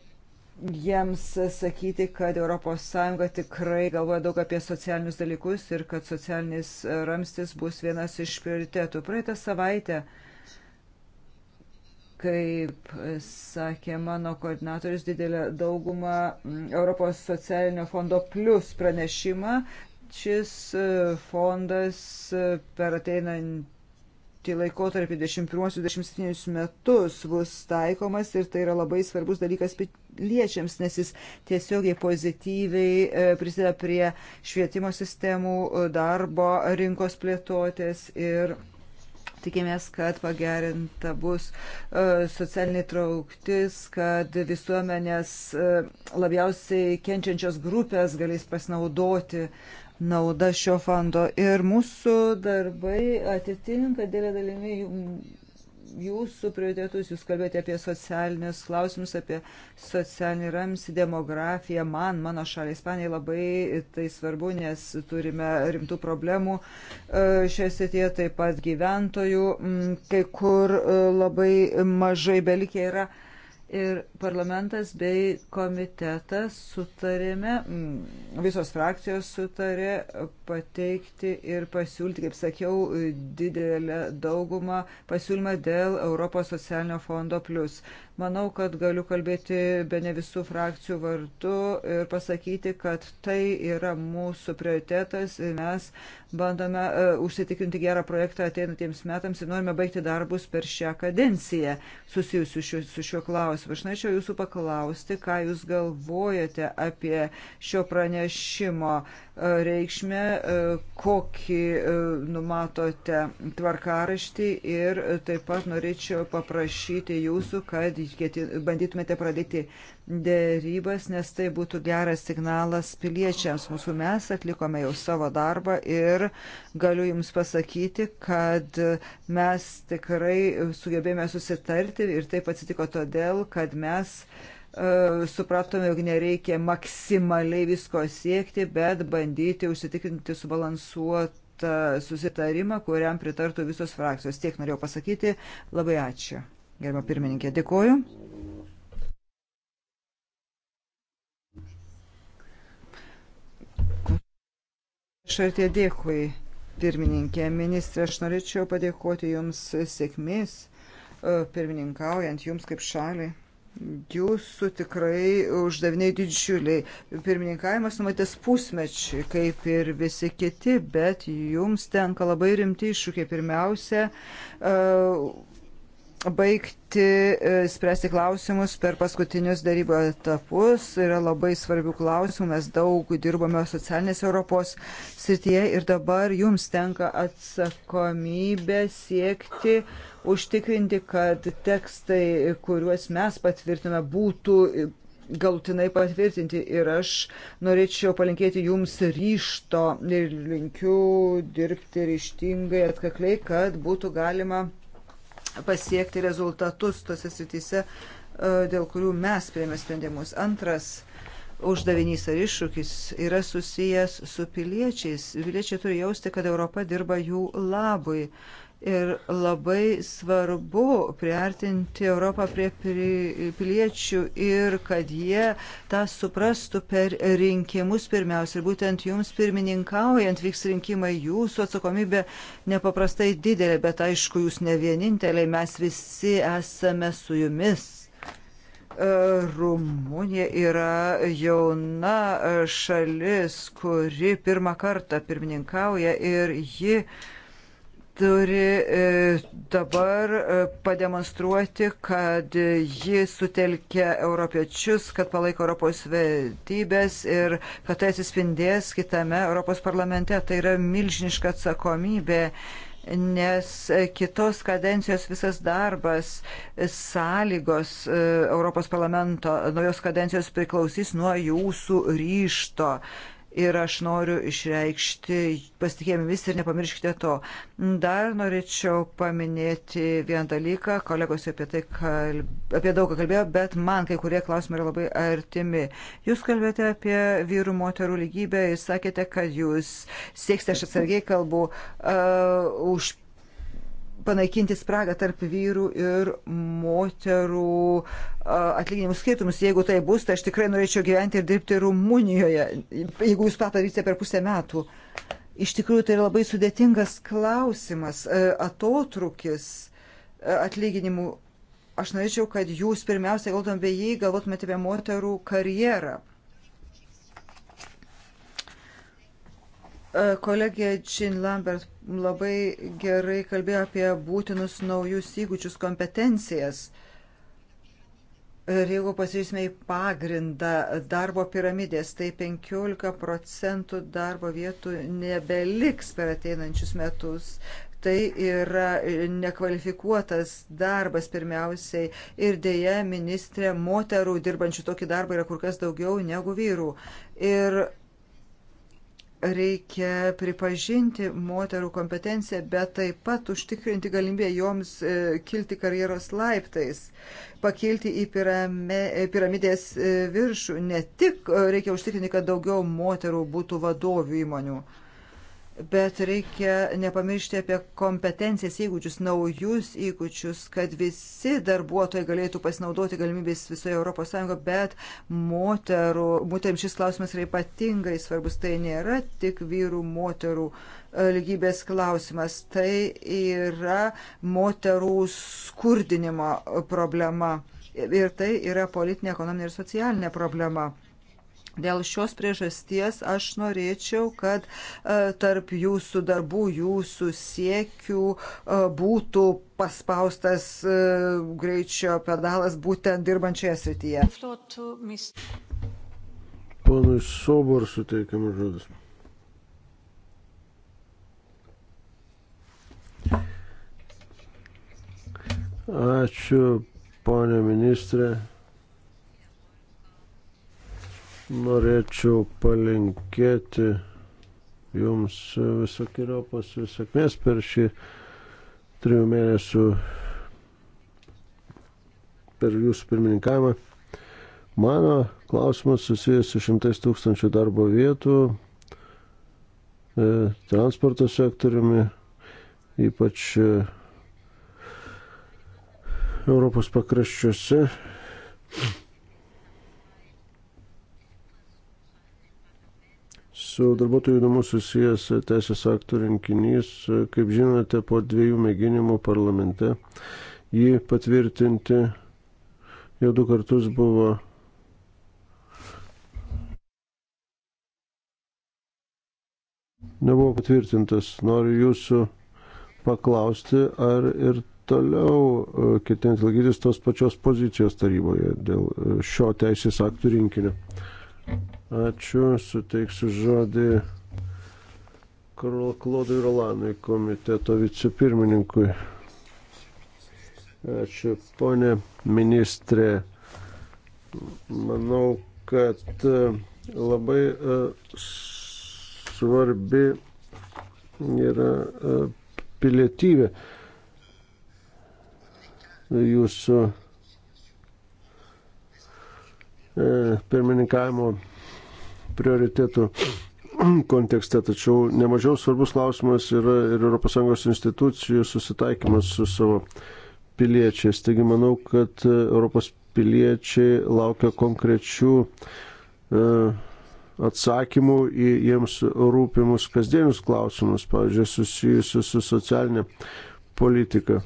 jiems sakyti, kad ES tikrai galvoja daug apie socialinius dalykus ir kad socialinis ramstis bus vienas iš prioritetų. Praeitą savaitę uh, Kaip e, sakė mano koordinatorius, didelę daugumą Europos socialinio fondo plus pranešimą šis e, fondas e, per ateinantį laikotarpį 21-27 metus bus taikomas ir tai yra labai svarbus dalykas piliečiams, nes jis tiesiogiai pozityviai prisideda prie švietimo sistemų, darbo rinkos plėtotės ir tikimės, kad pagerinta bus e, socialinė trauktis, kad visuomenės e, labiausiai kenčiančios grupės galės pasinaudoti nauda šio fondo. Ir mūsų darbai atitinka dėlė dalimi jūsų prioritetus, jūs kalbėjote apie socialinius klausimus, apie socialinį ramsį, demografiją. Man, mano šaliai, Ispanijai labai tai svarbu, nes turime rimtų problemų e, šioje srityje, taip pat gyventojų, mm, kai kur e, labai mažai belikė yra ir parlamentas bei komitetas sutarėme, visos frakcijos sutarė pateikti ir pasiūlyti, kaip sakiau, didelę daugumą pasiūlymą dėl Europos socialinio fondo plus. Manau, kad galiu kalbėti be ne visų frakcijų vardu ir pasakyti, kad tai yra mūsų prioritetas ir mes bandome uh, užsitikrinti gerą projektą ateinatiems metams ir norime baigti darbus per šią kadenciją susijusiu šiu, su šiuo klausimu. Aš norėčiau jūsų paklausti, ką jūs galvojate apie šio pranešimo e, reikšmę, e, kokį numatote tvarkaraštį ir taip pat norėčiau paprašyti jūsų, kad bandytumėte pradėti dėrybas, nes tai būtų geras signalas piliečiams. Mūsų mes atlikome jau savo darbą ir galiu Jums pasakyti, kad mes tikrai sugebėjome susitarti ir taip atsitiko todėl, kad mes e, supratome, jog nereikia maksimaliai visko siekti, bet bandyti užsitikrinti subalansuotą susitarimą, kuriam pritartų visos frakcijos. Tiek norėjau pasakyti. Labai ačiū. Gerima pirmininkė, dėkoju. Šartė dėkui, pirmininkė. Ministrė, aš norėčiau padėkoti Jums sėkmės, e, pirmininkaujant Jums kaip šaliai. Jūsų tikrai uždaviniai didžiuliai. Pirmininkavimas numatęs pusmečiui, kaip ir visi kiti, bet jums tenka labai rimti iššūkiai. Pirmiausia, uh, baigti e, spręsti klausimus per paskutinius darybų etapus. Yra labai svarbių klausimų, mes daug dirbame socialinės Europos srityje ir dabar jums tenka atsakomybė siekti užtikrinti, kad tekstai, kuriuos mes patvirtume, būtų galutinai patvirtinti ir aš norėčiau palinkėti jums ryšto ir linkiu dirbti ryštingai, atkakliai, kad būtų galima pasiekti rezultatus tose srityse, e, dėl kurių mes priėmė sprendimus. Antras uždavinys ar iššūkis yra susijęs su piliečiais. Piliečiai turi jausti, kad Europa dirba jų labui. Ir labai svarbu priartinti Europą prie piliečių ir kad jie tą suprastų per rinkimus pirmiausia. Ir būtent jums pirmininkaujant vyks rinkimai, jūsų atsakomybė nepaprastai didelė, bet aišku, jūs ne vieninteliai, mes visi esame su jumis. E, Rumunija yra jauna šalis, kuri pirmą kartą pirmininkauja ir ji. Ji turi e, dabar e, pademonstruoti, kad ji sutelkia europiečius, kad palaiko Europos vertybės ir kad tai atsispindės kitame Europos parlamente. Tai yra milžiniška atsakomybė, nes kitos kadencijos visas darbas, sąlygos e, Europos parlamento naujos kadencijos priklausys nuo jūsų ryšto ir aš noriu išreikšti pasitikėjimis ir nepamirškite to. Dar norėčiau paminėti vieną dalyką, kolegos apie tai kalb... apie daug ką kalbėjo, bet man kai kurie klausimai yra labai artimi. Jūs kalbėjote apie vyrų moterų lygybę ir sakėte, kad jūs sieksite, aš atsargiai kalbu, uh, už panaikinti spragą tarp vyrų ir moterų atlyginimų skirtumus. Jeigu tai bus, tai aš tikrai norėčiau gyventi ir dirbti Rumunijoje, jeigu jūs patarysite per pusę metų. Iš tikrųjų, tai yra labai sudėtingas klausimas, e, atotrukis e, atlyginimų. Aš norėčiau, kad jūs pirmiausia galvotumėte apie jį, galvotumėte apie moterų karjerą. E, kolegė Jean Lambert labai gerai kalbėjo apie būtinus naujus įgūdžius kompetencijas. Ir jeigu pasižiūrėsime į pagrindą darbo piramidės, tai 15 procentų darbo vietų nebeliks per ateinančius metus. Tai yra nekvalifikuotas darbas pirmiausiai ir dėja ministrė moterų dirbančių tokį darbą yra kur kas daugiau negu vyrų. Ir reikia pripažinti moterų kompetenciją, bet taip pat užtikrinti galimybę joms e, kilti karjeros laiptais, pakilti į e, piramidės e, viršų. Ne tik reikia užtikrinti, kad daugiau moterų būtų vadovių įmonių bet reikia nepamiršti apie kompetencijas įgūdžius, naujus įgūdžius, kad visi darbuotojai galėtų pasinaudoti galimybės visoje ES, bet moterų, būtent šis klausimas yra ypatingai svarbus, tai nėra tik vyrų, moterų e, lygybės klausimas, tai yra moterų skurdinimo problema. Ir tai yra politinė, ekonominė ir socialinė problema. Dėl šios priežasties aš norėčiau, kad e, tarp jūsų darbų, jūsų siekių e, būtų paspaustas e, greičio pedalas būtent dirbančioje srityje. Panui Sobor suteikiamas žodis. Ačiū, ponė ministrė. Norėčiau palinkėti Jums visokiojopos sėkmės per šį trijų mėnesių per Jūsų pirmininkavimą. Mano klausimas susijęs su šimtais tūkstančių darbo vietų, e, transporto sektoriumi, ypač e, Europos pakraščiuose. Su darbuotojų įdomu susijęs teisės aktų rinkinys, kaip žinote, po dviejų mėginimų parlamente jį patvirtinti jau du kartus buvo. Nebuvo patvirtintas. Noriu jūsų paklausti, ar ir toliau e, ketinat laikytis tos pačios pozicijos taryboje dėl e, šio teisės aktų rinkinio. Ačiū, suteiksiu žodį Klodui Rolanui, komiteto vicepirmininkui. Ačiū, ponė ministrė. Manau, kad e, labai e, svarbi yra e, pilietybė jūsų pirmininkavimo prioritėtų <clears throat> kontekste, tačiau nemažiau svarbus klausimas yra ir ES institucijų susitaikymas su savo piliečiais. Taigi manau, kad e, Europos piliečiai laukia konkrečių e, atsakymų į jiems rūpimus kasdienius klausimus, pavyzdžiui, susijusius su socialinė politika.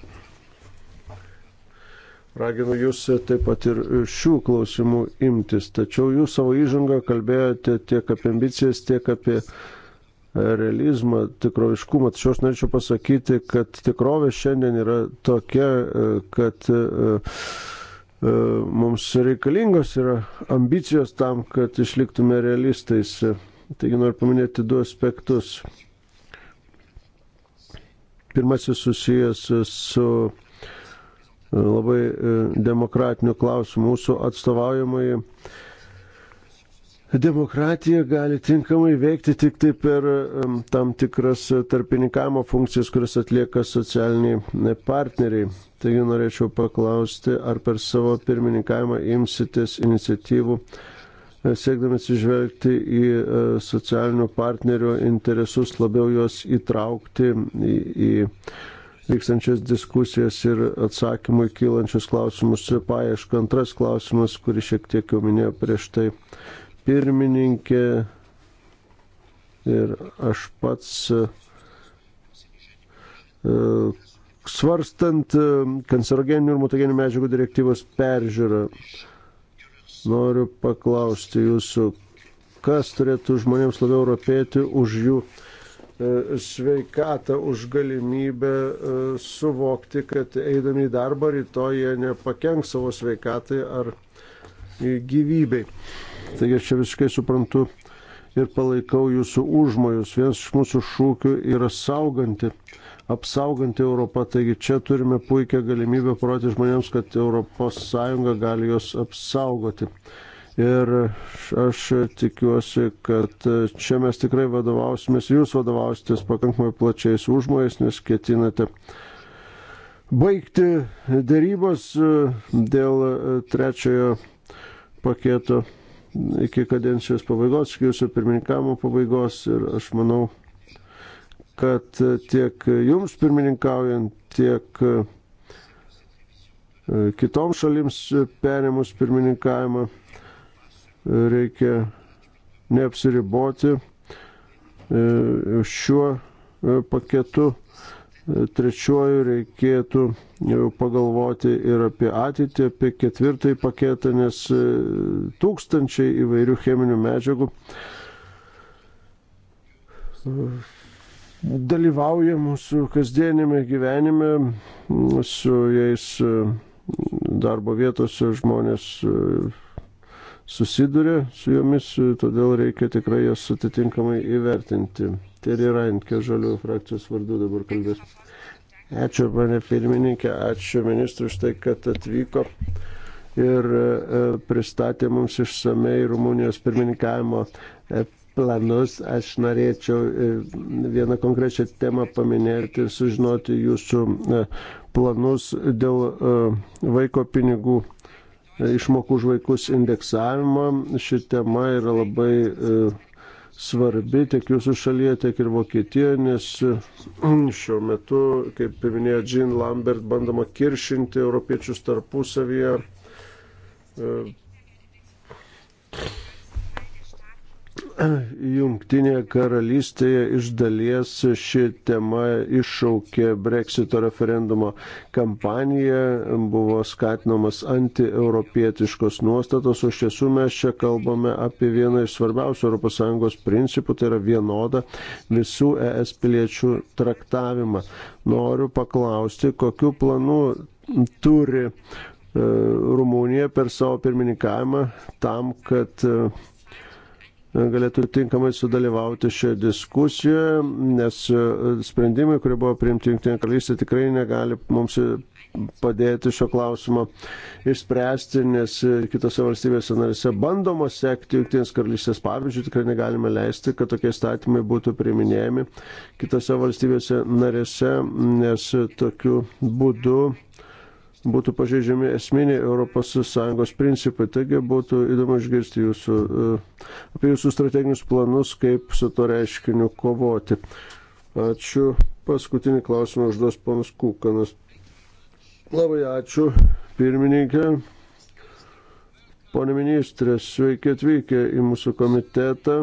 Raginu jūs taip pat ir šių klausimų imtis. Tačiau jūs savo įžangą kalbėjote tiek apie ambicijas, tiek apie realizmą, tikroviškumą. Tačiau aš norėčiau pasakyti, kad tikrovė šiandien yra tokia, kad e, e, mums reikalingos yra ambicijos tam, kad išliktume realistais. Taigi noriu paminėti du aspektus. Pirmasis susijęs su labai e, demokratinių klausimų. Mūsų atstovaujamai demokratija gali tinkamai veikti tik tai per e, tam tikras tarpininkavimo funkcijas, kuris atlieka socialiniai partneriai. Taigi norėčiau paklausti, ar per savo pirmininkavimą imsitės iniciatyvų e, siekdami atsižvelgti į socialinių partnerių interesus, labiau juos įtraukti į, į vykstančias diskusijas ir atsakymų į kylančius klausimus paiešką. Antras klausimas, kurį šiek tiek jau minėjo prieš tai pirmininkė ir aš pats e, svarstant e, kancerogeninių ir mutageninių medžiagų direktyvos peržiūrą, noriu paklausti jūsų, kas turėtų žmonėms labiau rūpėti už jų E, sveikatą už galimybę e, suvokti, kad eidami į darbą rytoj jie nepakenks savo sveikatai ar gyvybei. Taigi aš čia visiškai suprantu ir palaikau jūsų užmojus. Vienas iš mūsų šūkių yra sauganti, apsauganti Europą. Taigi čia turime puikią galimybę parodyti žmonėms, kad ES gali juos apsaugoti. Ir aš tikiuosi, kad čia mes tikrai vadovausimės, jūs vadovausitės pakankamai plačiais užmojais, nes ketinate baigti dėrybos e, dėl e, trečiojo paketo iki kadencijos pabaigos, iki jūsų pirmininkamo pabaigos. Ir aš manau, kad tiek jums pirmininkaujant, tiek e, kitoms šalims perėmus pirmininkavimą reikia neapsiriboti e, šiuo e, paketu. E, trečiuoju reikėtų pagalvoti ir apie ateitį, apie ketvirtąjį paketą, nes tūkstančiai įvairių cheminių medžiagų dalyvauja mūsų kasdienime gyvenime, su jais darbo vietose žmonės susiduria su jomis, todėl reikia tikrai jas atitinkamai įvertinti. Terė Rankė, Žaliųjų frakcijos vardu dabar kalbės. Ačiū, mane pirmininkė, ačiū ministrui už tai, kad atvyko ir e, pristatė mums išsamei Rumunijos pirmininkavimo e, planus. Aš norėčiau e, vieną konkrečią temą paminėti ir sužinoti jūsų planus dėl vaiko pinigų išmokų už vaikus indeksavimą. Ši tema yra labai e, svarbi tiek jūsų šalyje, tiek ir Vokietijoje, nes e, šiuo metu, kaip ir minėjo Jean Lambert, bandoma kiršinti europiečius tarpusavyje. E, Jungtinėje karalystėje iš dalies ši tema iššaukė Brexito referendumo kampaniją, buvo skatinamas antieuropietiškos nuostatos, o iš tiesų mes čia kalbame apie vieną iš svarbiausių ES principų, tai yra vienodą visų ES piliečių traktavimą. Noriu paklausti, kokiu planu turi e, Rumunija per savo pirmininkavimą tam, kad e, galėtų tinkamai sudalyvauti šioje diskusijoje, nes e, sprendimai, kurie buvo priimti Junktinė karalystė, tikrai negali mums padėti šio klausimo išspręsti, nes e, kitose valstybėse narise bandoma sekti Junktinės karalystės pavyzdžių, tikrai negalime leisti, kad tokie statymai būtų priminėjami kitose valstybėse narise, nes tokiu būdu būtų pažeidžiami esminiai ES principai. Taigi būtų įdomu išgirsti jūsų, e, apie jūsų strateginius planus, kaip su to reiškiniu kovoti. Ačiū. Paskutinį klausimą užduos ponas Kūkanas. Labai ačiū, pirmininkė. Pone ministrė, sveiki atvykę į mūsų komitetą.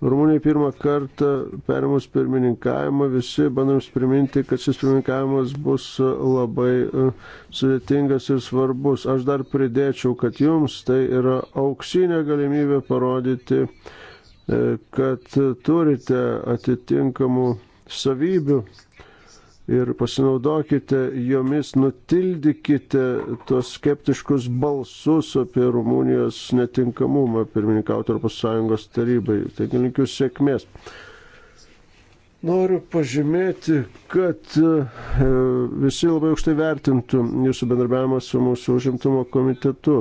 Rumunijai pirmą kartą perimus pirmininkavimą visi bandams priminti, kad šis pirmininkavimas bus labai e, sudėtingas ir svarbus. Aš dar pridėčiau, kad jums tai yra auksinė galimybė parodyti, e, kad turite atitinkamų savybių ir pasinaudokite jomis, nutildykite tos skeptiškus balsus apie Rumunijos netinkamumą pirmininkauti Europos Sąjungos tarybai. Taigi linkiu sėkmės. Noriu pažymėti, kad e, visi labai aukštai vertintų jūsų bendarbiavimą su mūsų užimtumo komitetu.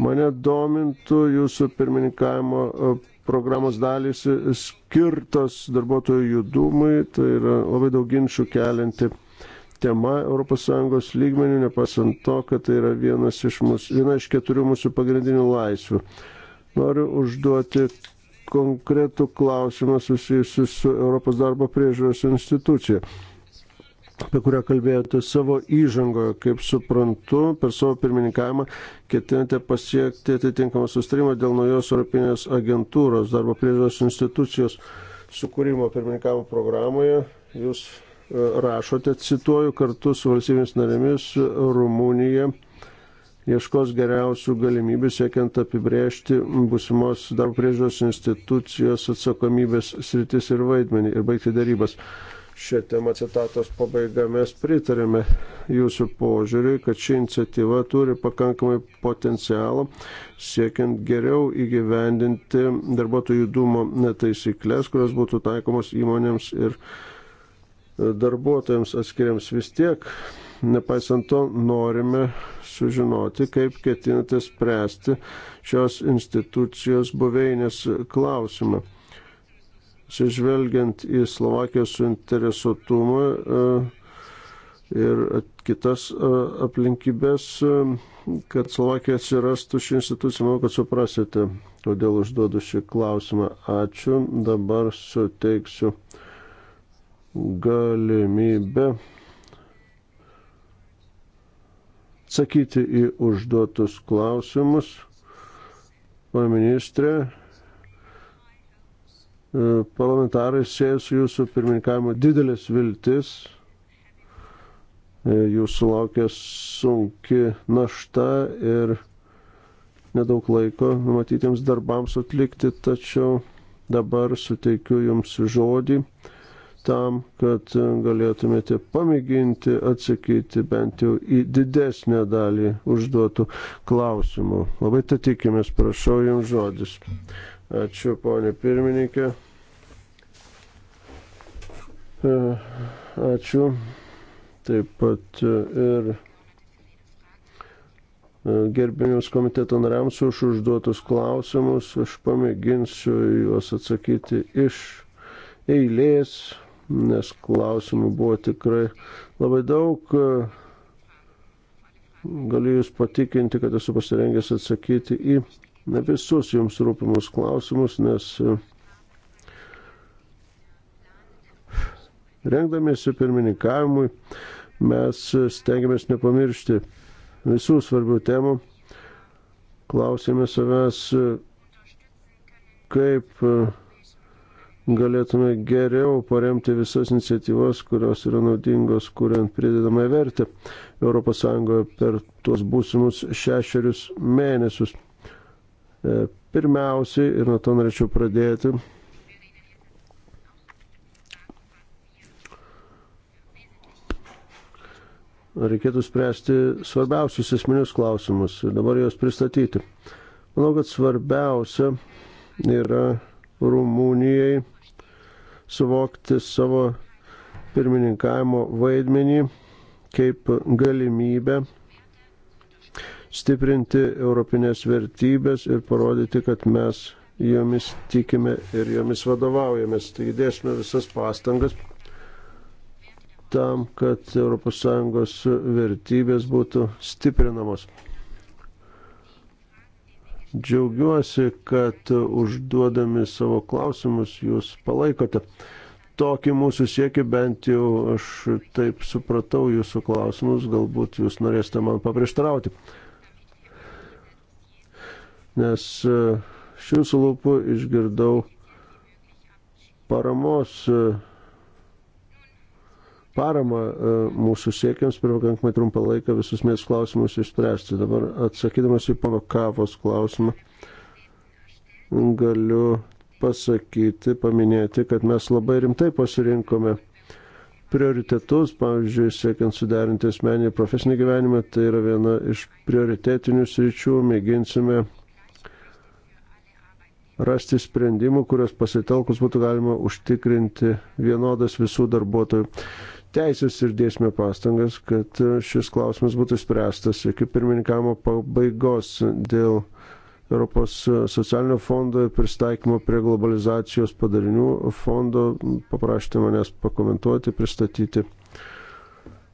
Mane domintų jūsų pirmininkavimo e, programos dalys skirtos darbuotojų judumui, tai yra labai daug ginčių kelianti tema ES lygmenių, nepasant to, kad tai yra vienas iš mūsų, viena iš keturių mūsų pagrindinių laisvių. Noriu užduoti konkretų klausimą susijusiu su Europos darbo priežiūros institucija apie kurią kalbėjote savo įžangoje. Kaip suprantu, per savo pirmininkavimą ketinate pasiekti atitinkamą sustarimą dėl naujos Europinės agentūros darbo priežiūros institucijos sukūrimo pirmininkavimo programoje. Jūs e, rašote, cituoju, kartu su valstybės narėmis Rumunija ieškos geriausių galimybių siekiant apibrėžti būsimos darbo priežiūros institucijos atsakomybės sritis ir vaidmenį ir baigti darybas šią temą citatos pabaiga. Mes pritarėme jūsų požiūriui, kad ši iniciatyva turi pakankamai potencialo siekiant geriau įgyvendinti darbuotojų judumo taisyklės, kurios būtų taikomos įmonėms ir darbuotojams atskiriams vis tiek. Nepaisant to, norime sužinoti, kaip ketinate spręsti šios institucijos buveinės klausimą atsižvelgiant į Slovakijos suinteresuotumą e, ir kitas e, aplinkybės, e, kad Slovakija atsirastų šį instituciją, manau, kad suprasite, kodėl užduodu šį klausimą. Ačiū, dabar suteiksiu galimybę atsakyti į užduotus klausimus. Pane ministrė, E, parlamentarai sieja su jūsų pirmininkavimo didelės viltis. E, jūsų laukia sunki našta ir nedaug laiko numatytiems darbams atlikti, tačiau dabar suteikiu jums žodį tam, kad galėtumėte pamėginti atsakyti bent jau į didesnę dalį užduotų klausimų. Labai tą tikimės, prašau jums žodis. Ačiū, ponė pirmininkė. E, ačiū. Taip pat e, ir e, gerbiniams komiteto nariams už užduotus klausimus. Aš pamėginsiu juos atsakyti iš eilės, nes klausimų buvo tikrai labai daug. Galiu Jūs patikinti, kad esu pasirengęs atsakyti į na, visus jums rūpimus klausimus, nes rengdamėsi pirmininkavimui mes stengiamės nepamiršti visų svarbių temų. Klausėme savęs, kaip galėtume geriau paremti visas iniciatyvas, kurios yra naudingos, kuriant pridedamą vertę ES per tuos būsimus šešerius mėnesius. E, pirmiausiai, ir nuo to norėčiau pradėti, reikėtų spręsti svarbiausius esminius klausimus ir dabar juos pristatyti. Manau, kad svarbiausia yra Rumunijai suvokti savo pirmininkavimo vaidmenį kaip galimybę stiprinti europinės vertybės ir parodyti, kad mes jomis tikime ir jomis vadovaujamės. Taigi dėsime visas pastangas tam, kad ES vertybės būtų stiprinamos. Džiaugiuosi, kad užduodami savo klausimus jūs palaikote. Tokį mūsų siekį bent jau aš taip supratau jūsų klausimus, galbūt jūs norėsite man paprieštarauti nes e, iš jūsų lūpų išgirdau paramos, e, paramą e, mūsų siekiams per pakankamai trumpą laiką visus mės klausimus išspręsti. Dabar atsakydamas į pono Kavos klausimą, galiu pasakyti, paminėti, kad mes labai rimtai pasirinkome prioritetus, pavyzdžiui, siekiant suderinti asmenį ir profesinį gyvenimą, tai yra viena iš prioritetinių sričių, mėginsime rasti sprendimų, kurios pasitelkus būtų galima užtikrinti vienodas visų darbuotojų teisės ir dėsime pastangas, kad šis klausimas būtų spręstas iki pirmininkamo pabaigos dėl Europos socialinio fondo ir pristaikymo prie globalizacijos padarinių fondo. Paprašėte manęs pakomentuoti, pristatyti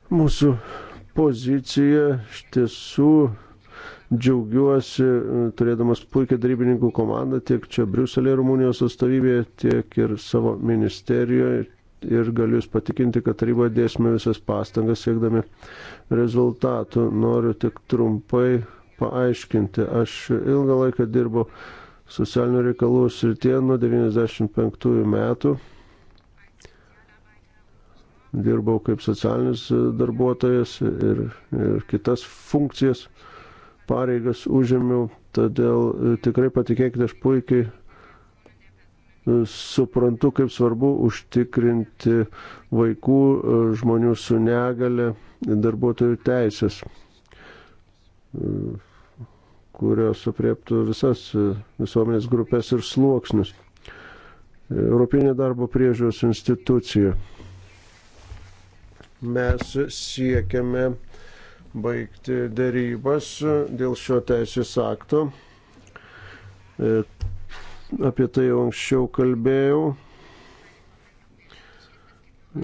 mūsų poziciją. Iš tiesų džiaugiuosi e, turėdamas puikią darybininkų komandą tiek čia Briuselėje, Rumunijos atstovybėje, tiek ir savo ministerijoje. Ir galiu Jūs patikinti, kad taryboje dėsime visas pastangas siekdami rezultatų. Noriu tik trumpai paaiškinti. Aš ilgą laiką dirbau socialinių reikalų srityje nuo 95 metų. Dirbau kaip socialinis darbuotojas ir, ir kitas funkcijas pareigas užėmiau, todėl e, tikrai patikėkite, aš puikiai e, suprantu, kaip svarbu užtikrinti vaikų, e, žmonių su negale, darbuotojų teisės, kurios apriektų visas visuomenės grupės ir sluoksnius. Europinė darbo priežiūros institucija. Mes siekiame baigti dėrybas dėl šio teisės akto. E, apie tai jau anksčiau kalbėjau,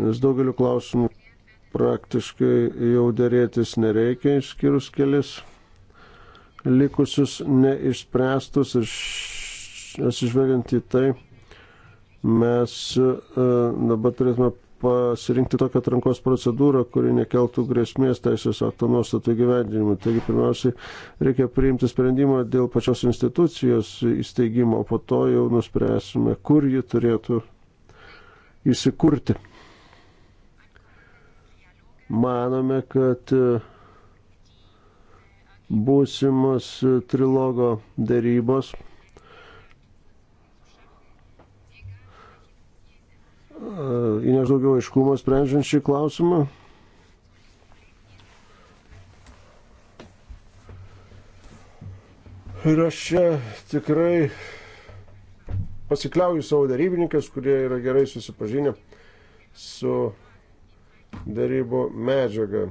nes daugeliu klausimų praktiškai jau dėrėtis nereikia, išskyrus kelis likusius neišspręstus ir atsižvelgiant į tai, mes e, dabar turėtume pasirinkti tokią atrankos procedūrą, kuri nekeltų grėsmės teisės akto nuostatų gyvendinimui. Taigi pirmiausiai reikia priimti sprendimą dėl pačios institucijos įsteigimo, o po to jau nuspręsime, kur ji turėtų įsikurti. Manome, kad e, būsimos e, trilogo darybos įneš daugiau aiškumo sprendžiant šį klausimą. Ir aš čia tikrai pasikliauju savo darybininkais, kurie yra gerai susipažinę su darybų medžiaga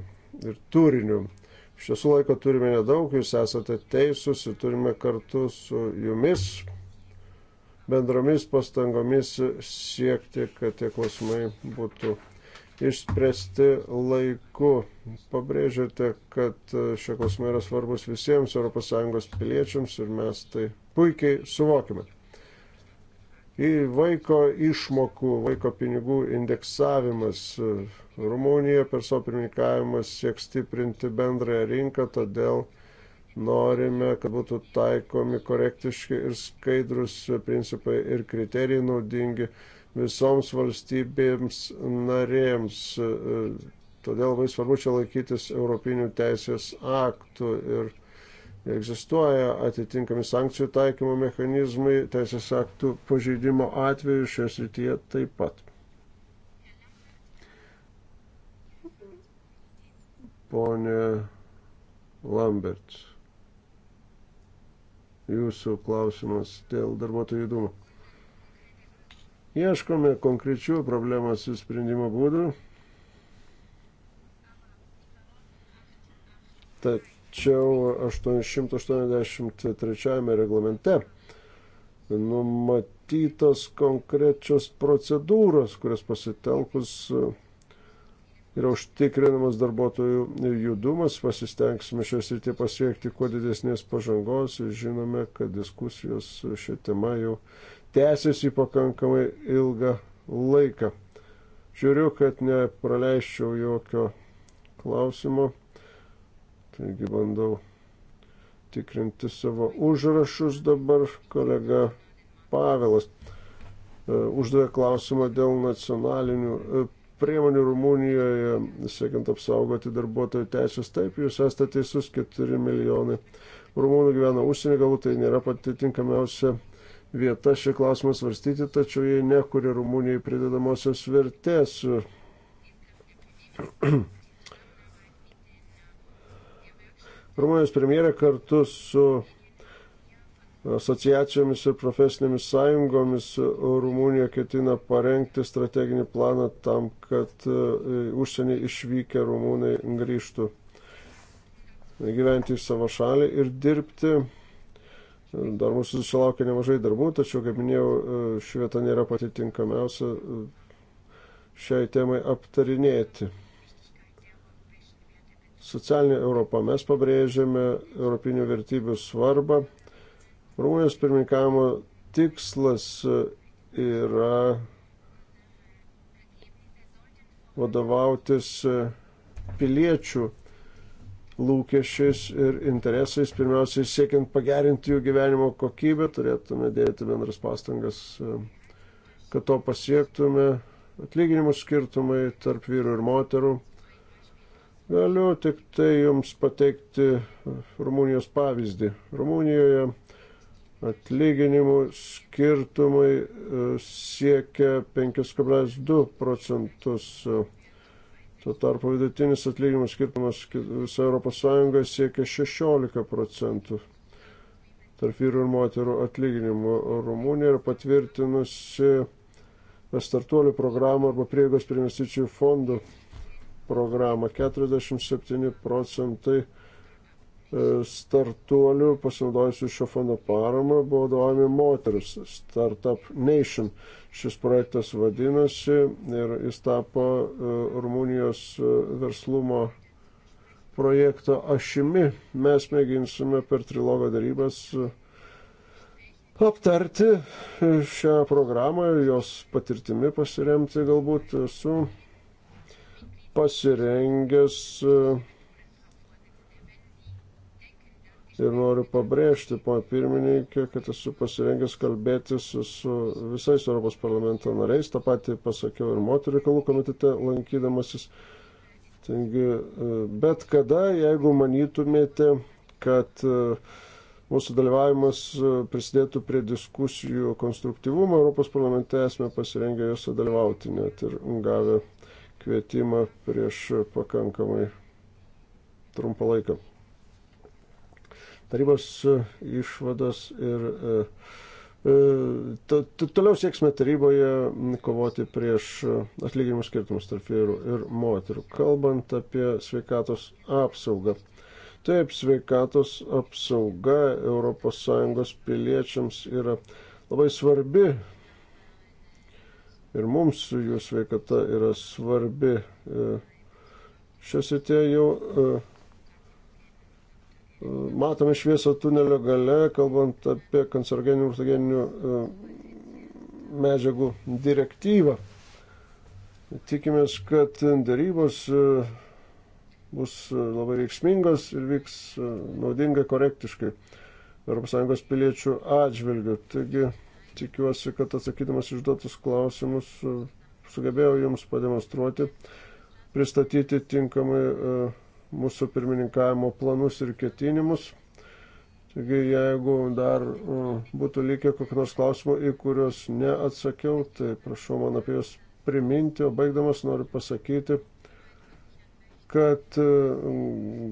ir turiniu. Iš tiesų laiko turime nedaug, jūs esate teisūs ir turime kartu su jumis bendromis pastangomis siekti, kad tie klausimai būtų išspręsti laiku. Pabrėžiate, kad šie klausimai yra svarbus visiems ES piliečiams ir mes tai puikiai suvokime. Į vaiko išmokų, vaiko pinigų indeksavimas. Rumunija per savo pirmininkavimą sieks stiprinti bendrąją rinką, todėl norime, kad būtų taikomi korektiški ir skaidrus principai ir kriterijai naudingi visoms valstybėms narėms. Todėl labai svarbu čia laikytis Europinių teisės aktų ir egzistuoja atitinkami sankcijų taikymo mechanizmai teisės aktų pažeidimo atveju šioje srityje taip pat. Pone Lambert jūsų klausimas dėl darbuotojų judumo. Ieškome konkrečių problemos sprendimo būdų, tačiau 883 reglamente numatytos konkrečios procedūros, kurias pasitelkus yra užtikrinamas darbuotojų judumas, pasistengsime šios rytį pasiekti kuo didesnės pažangos ir žinome, kad diskusijos šią temą jau tęsiasi pakankamai ilgą laiką. Žiūriu, kad nepraleisčiau jokio klausimo, taigi bandau tikrinti savo užrašus dabar kolega Pavelas. E, uždavė klausimą dėl nacionalinių e, priemonių Rumunijoje, siekiant apsaugoti darbuotojų teisės. Taip, jūs esate teisus, 4 milijonai rumūnų gyvena užsienį, galbūt tai nėra pati tinkamiausia vieta šį klausimą svarstyti, tačiau jei nekuria Rumunijai pridedamosios vertės. <clears throat> Rumunijos premjerė kartu su asociacijomis ir profesinėmis sąjungomis Rumunija ketina parengti strateginį planą tam, kad e, užsienį išvykę rumūnai grįžtų gyventi į savo šalį ir dirbti. Dar mūsų susilaukia nemažai darbų, tačiau, kaip minėjau, e, ši vieta nėra pati tinkamiausia e, šiai temai aptarinėti socialinė Europa. Mes pabrėžiame europinių vertybių svarbą Rumunijos pirmininkavimo tikslas e, yra vadovautis e, piliečių lūkesčiais ir interesais, pirmiausiai siekiant pagerinti jų gyvenimo kokybę, turėtume dėti bendras pastangas, e, kad to pasiektume, atlyginimų skirtumai tarp vyrų ir moterų. Galiu tik tai jums pateikti Rumunijos pavyzdį. Rumunijoje atlyginimų skirtumai e, siekia 5,2 procentus. Tuo tarpu vidutinis atlyginimų skirtumas visą ES siekia 16 procentų tarp vyrų ir moterų atlyginimų. Rumunija yra patvirtinusi startuolių programą arba prieigos prie investicijų fondų programą. 47 procentai E, startuolių pasinaudojusių šio fondo paramą buvo vadovami moteris Startup Nation. Šis projektas vadinasi ir jis tapo e, Rumunijos e, verslumo projekto ašimi. Mes mėginsime per trilogo darybas aptarti šią programą, jos patirtimi pasiremti galbūt su pasirengęs uh, atsižvelgti ir noriu pabrėžti, ponia pirmininkė, kad esu pasirengęs kalbėtis su, su visais Europos parlamento nariais, tą patį pasakiau ir moterų reikalų komitete lankydamasis. Taigi, e, bet kada, jeigu manytumėte, kad e, mūsų dalyvavimas e, prisidėtų prie diskusijų konstruktyvumo, Europos parlamente esame pasirengę juose dalyvauti, net ir gavę kvietimą prieš pakankamai trumpą laiką tarybos e, išvados ir e, e, toliau sieksime taryboje kovoti prieš atlyginimų skirtumus tarp vyrų ir moterų. Kalbant apie sveikatos apsaugą. Taip, sveikatos apsauga ES piliečiams yra labai svarbi ir mums jų sveikata yra svarbi. Šios įtė jau matome šviesą tunelio gale, kalbant apie kancerogeninių ir mutageninių e, medžiagų direktyvą. Tikimės, kad darybos e, bus e, labai veiksmingos ir vyks naudingai, korektiškai ES piliečių atžvilgių. Taigi tikiuosi, kad atsakydamas išduotus klausimus sugebėjau Jums pademonstruoti, pristatyti tinkamai mūsų pirmininkavimo planus ir ketinimus. Taigi, jeigu dar e, būtų likę kokių nors klausimų, į kuriuos neatsakiau, tai prašau man apie juos priminti, o baigdamas noriu pasakyti, kad e,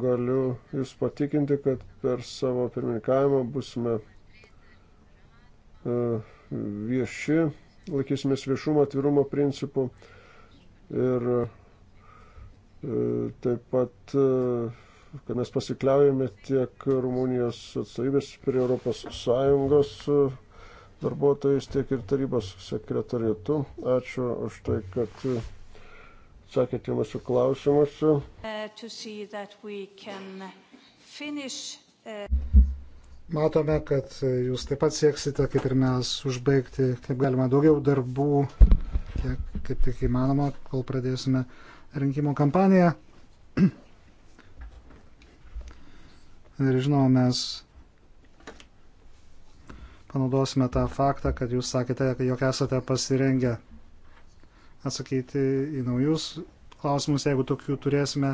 galiu Jūs patikinti, kad per savo pirmininkavimą busime e, vieši, laikysimės viešumo atvirumo principų ir E, taip pat, e, kad mes pasikliaujame tiek Rumunijos atstovybės prie Europos Sąjungos e, darbuotojais, tiek ir tarybos sekretariatu. Ačiū už tai, kad atsakėte mūsų klausimus. Uh, uh, Matome, kad jūs taip pat sieksite, kaip ir mes, užbaigti kaip galima daugiau darbų, kiek kaip tik įmanoma, kol pradėsime rinkimų kampaniją. Ir žinoma, mes panaudosime tą faktą, kad jūs sakėte, jog esate pasirengę atsakyti į naujus klausimus, jeigu tokių turėsime,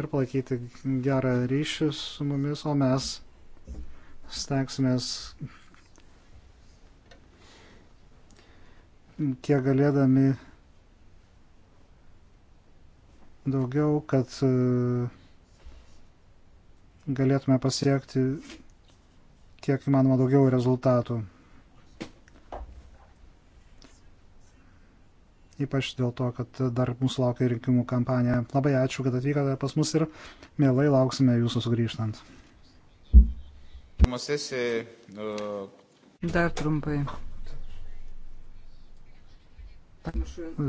ir palaikyti gerą ryšį su mumis, o mes stengsimės kiek galėdami daugiau, kad e, galėtume pasiekti kiek įmanoma daugiau rezultatų. Ypač dėl to, kad dar mūsų laukia rinkimų kampanija. Labai ačiū, kad atvykote pas mus ir mielai lauksime jūsų sugrįžtant. E, dar trumpai.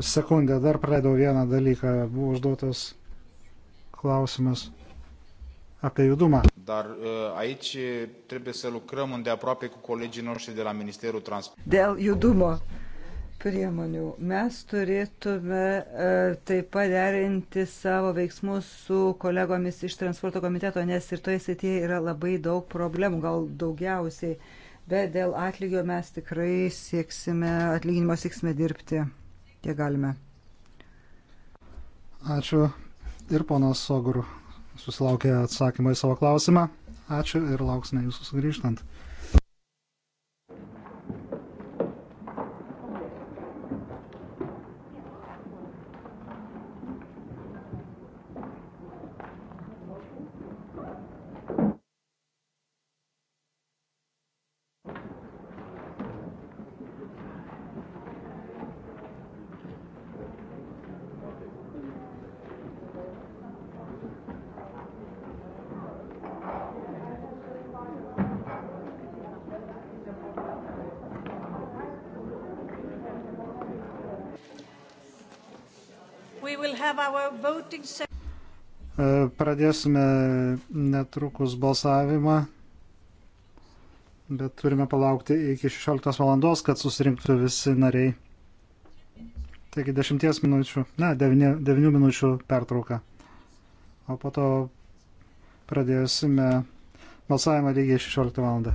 Sekundę, dar praleidau vieną dalyką. Buvo užduotas klausimas apie judumą. Dar e, aici trebuie să lucrăm îndeaproape cu colegii noștri de la Ministerul Transportului. Dėl judumo priemonių mes turėtume e, taip paderinti savo veiksmus su kolegomis iš transporto komiteto, nes ir toje srityje yra labai daug problemų, gal daugiausiai. Bet dėl atlygio mes tikrai sieksime, atlyginimo sieksime dirbti tiek galime. Ačiū ir ponas Sogur susilaukė atsakymą į savo klausimą. Ačiū ir lauksime jūsų sugrįžtant. E, pradėsime netrukus balsavimą, bet turime palaukti iki 16 valandos, kad susirinktų visi nariai. Taigi 10 minučių, ne, 9, 9 minučių pertrauka. O po to pradėsime balsavimą lygiai 16 valandą.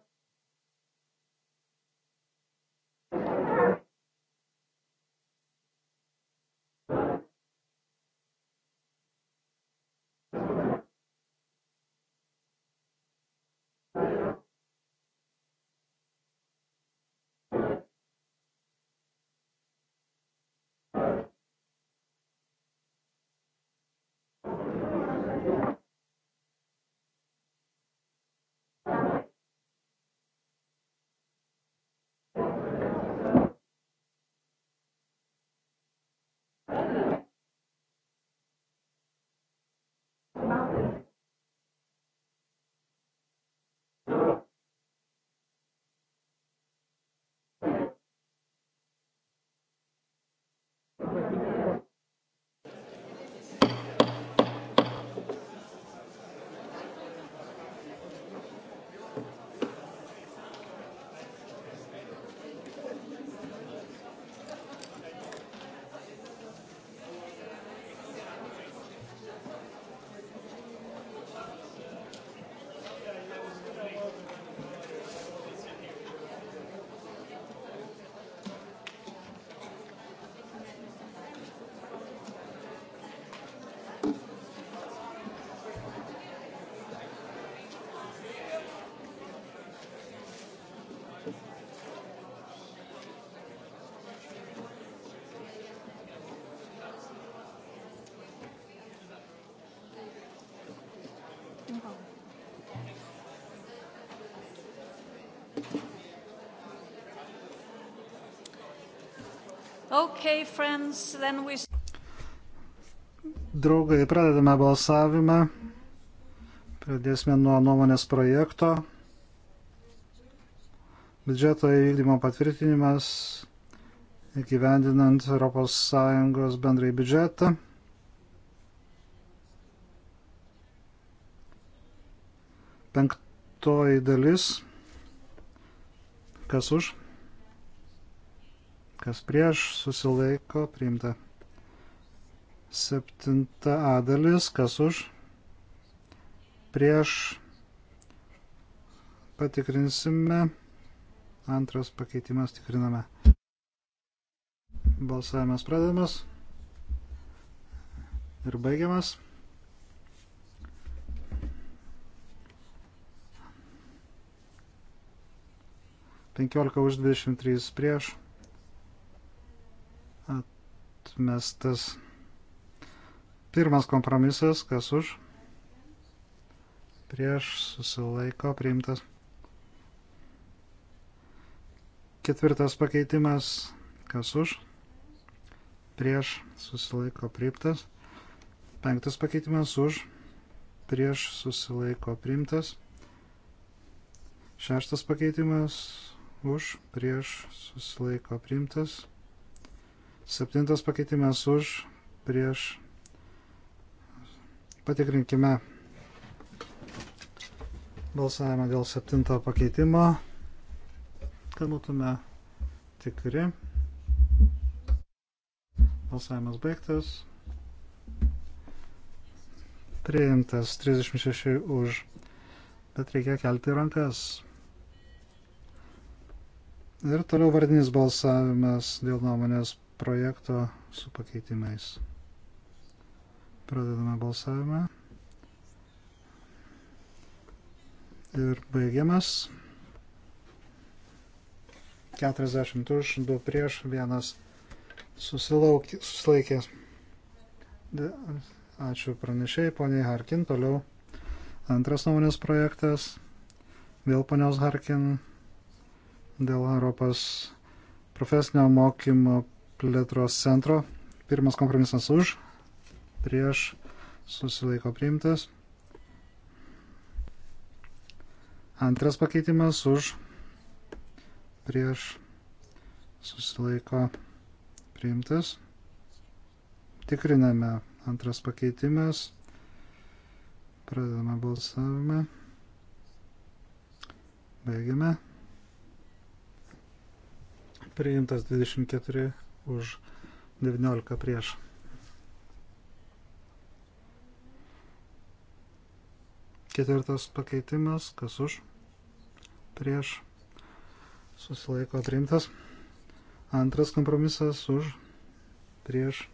Okay, friends, then we... Draugai, pradedame balsavimą. Pradėsime nuo nuomonės projekto. Biudžeto įvykdymo patvirtinimas įgyvendinant ES bendrąjį biudžetą. Penktoji dalis. Kas už? Kas prieš? Susilaiko priimta. Septinta A dalis. Kas už? Prieš. Patikrinsime. Antras pakeitimas tikriname. Balsavimas pradedamas ir baigiamas. 15 už 23 prieš. Atmestas. Pirmas kompromisas, kas už. Prieš susilaiko priimtas. Ketvirtas pakeitimas, kas už. Prieš susilaiko priimtas. Penktas pakeitimas už. Prieš susilaiko priimtas. Šeštas pakeitimas už, prieš, susilaiko priimtas. Septintas pakeitimas už, prieš. Patikrinkime balsavimą dėl septinto pakeitimo, kad būtume tikri. Balsavimas baigtas. Priimtas 36 už, bet reikia kelti rankas. Ir toliau vardinis balsavimas dėl nuomonės projekto su pakeitimais. Pradedame balsavimą. Ir baigiamas. 40 už, 2 prieš, 1 susilaikė. Ačiū pranešėjai, poniai Harkin. Toliau antras nuomonės projektas. Vėl ponios Harkin dėl Europos profesinio mokymo plėtros centro. Pirmas kompromisas už, prieš susilaiko priimtas. Antras pakeitimas už, prieš susilaiko priimtas. Tikriname antras pakeitimas. Pradedame balsavimą. Baigiame priimtas 24 už 19 prieš. Ketvirtas pakeitimas, kas už, prieš, susilaiko priimtas. Antras kompromisas už, prieš,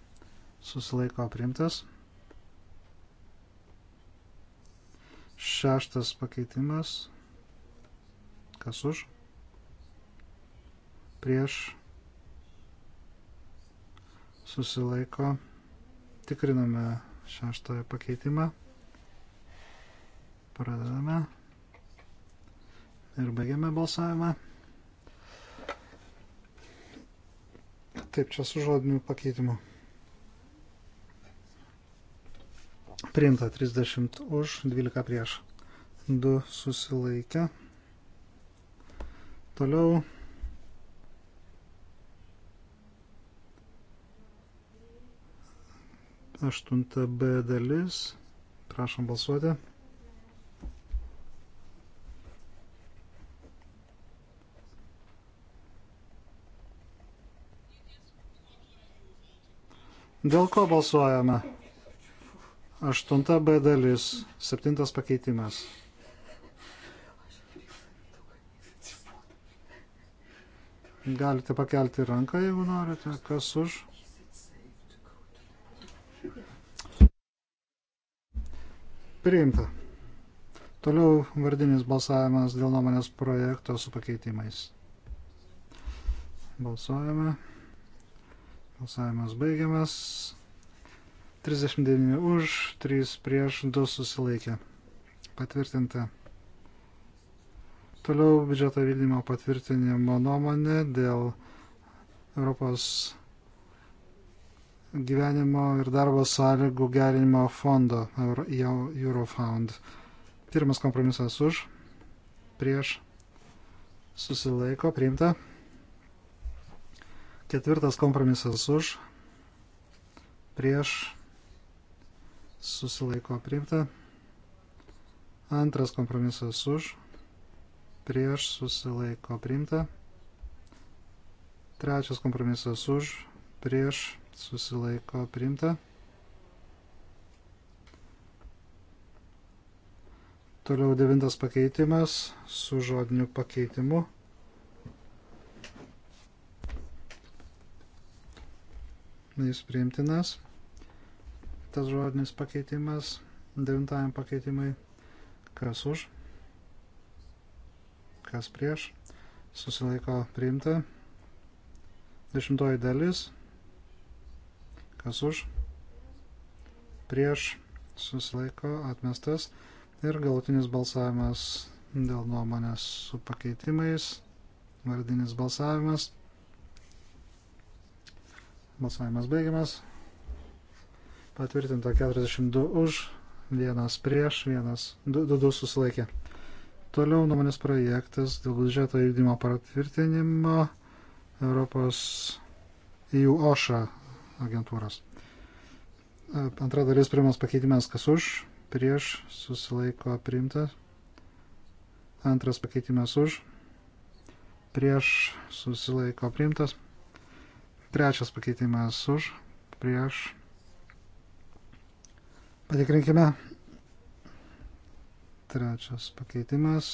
susilaiko priimtas. Šeštas pakeitimas, kas už, prieš susilaiko. Tikriname šeštąją pakeitimą. Pradedame. Ir baigiame balsavimą. Taip, čia su žodiniu pakeitimu. Priimta 30 už, 12 prieš. 2 susilaikę. Toliau 8b dalis. Prašom balsuoti. Dėl ko balsuojame? 8b dalis, 7 pakeitimas. Galite pakelti ranką, jeigu norite. Kas už? Priimta. Toliau vardinis balsavimas dėl nuomonės projekto su pakeitimais. Balsuojame. Balsavimas baigiamas. 39 už, 3 prieš, 2 susilaikė. Patvirtinta. Toliau biudžeto vykdymo patvirtinimo nuomonė dėl Europos gyvenimo ir darbo sąlygų gerinimo fondo Eurofound. Pirmas kompromisas už, prieš, susilaiko, priimta. Ketvirtas kompromisas už, prieš, susilaiko, priimta. Antras kompromisas už, prieš, susilaiko, priimta. Trečias kompromisas už, prieš, susilaiko, priimta susilaiko priimta. Toliau devintas pakeitimas su žodiniu pakeitimu. Jis priimtinas. Tas žodinis pakeitimas devintajam pakeitimai. Kas už? Kas prieš? Susilaiko priimta. Dešimtoji dalis kas už, prieš, susilaiko, atmestas. Ir galutinis balsavimas dėl nuomonės su pakeitimais, vardinis balsavimas. Balsavimas baigiamas. Patvirtinta 42 už, vienas prieš, vienas, du, du, du susilaikė. Toliau nuomonės projektas dėl biudžeto įvykdymo patvirtinimo Europos EU OŠA agentūros. E, antra dalis pirmas pakeitimas, kas už, prieš, susilaiko priimta. Antras pakeitimas už, prieš, susilaiko priimtas. Trečias pakeitimas už, prieš. Patikrinkime. Trečias pakeitimas.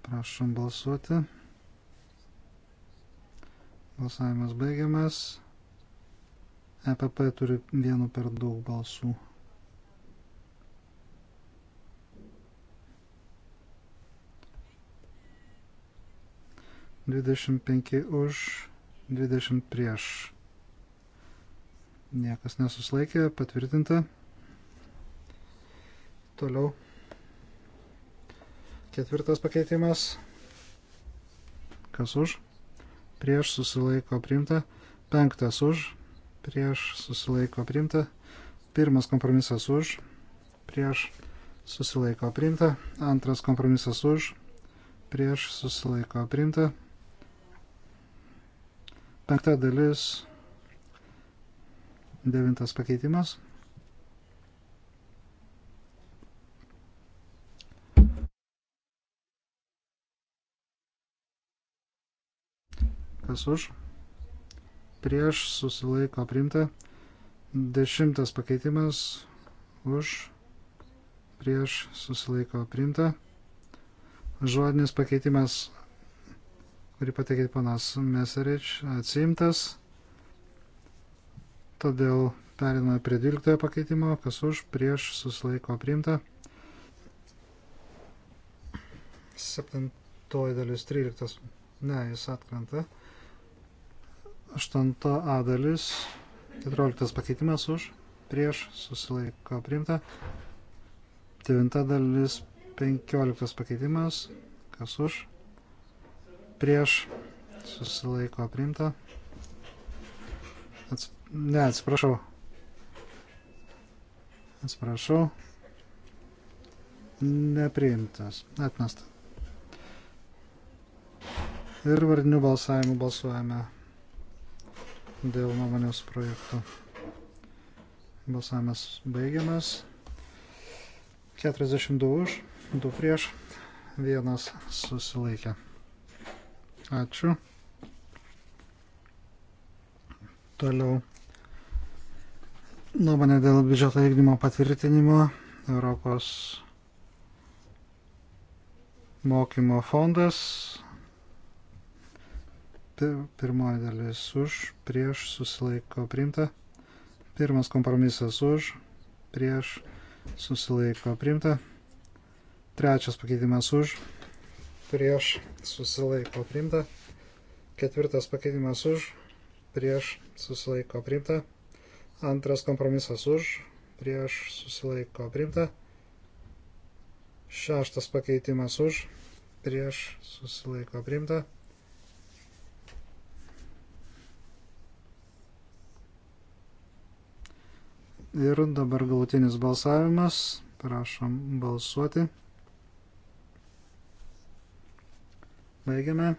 Prašom balsuoti. Balsavimas baigiamas. EPP turi vienu per daug balsų. Dvidešimt penki už, dvidešimt prieš. Niekas nesuslaikė, patvirtinta. Toliau. Ketvirtas pakeitimas. Kas už? Prieš susilaiko priimta. Penktas už prieš susilaiko priimta. Pirmas kompromisas už, prieš susilaiko priimta. Antras kompromisas už, prieš susilaiko priimta. Penkta dalis, devintas pakeitimas. Kas už? prieš susilaiko priimta. Dešimtas pakeitimas už prieš susilaiko priimta. Žodinis pakeitimas, kurį pateikė panas Meserič, atsiimtas. Todėl periname prie 12 pakeitimo, kas už prieš susilaiko priimta. Septintoji dalis 13. Ne, jis atkrenta. 8a dalis, 14 pakeitimas už, prieš, susilaiko priimta. 9 dalis, 15 pakeitimas, kas už, prieš, susilaiko priimta. Ats... Ne, atsiprašau. Atsiprašau. Nepriimtas, atmestas. Ir vardinių balsavimų balsuojame dėl nuomonės projekto. Balsavimas baigiamas. 42 už, 2 prieš, 1 susilaikė. Ačiū. Toliau. Nuomonė dėl biudžeto vykdymo patvirtinimo Europos mokymo fondas Pirmoji dalis už, prieš, susilaiko priimta. Pirmas kompromisas už, prieš, susilaiko priimta. Trečias pakeitimas už, prieš, susilaiko priimta. Ketvirtas pakeitimas už, prieš, susilaiko priimta. Antras kompromisas už, prieš, susilaiko priimta. Šeštas pakeitimas už, prieš, susilaiko priimta. Ir dabar galutinis balsavimas. Prašom balsuoti. Baigiame.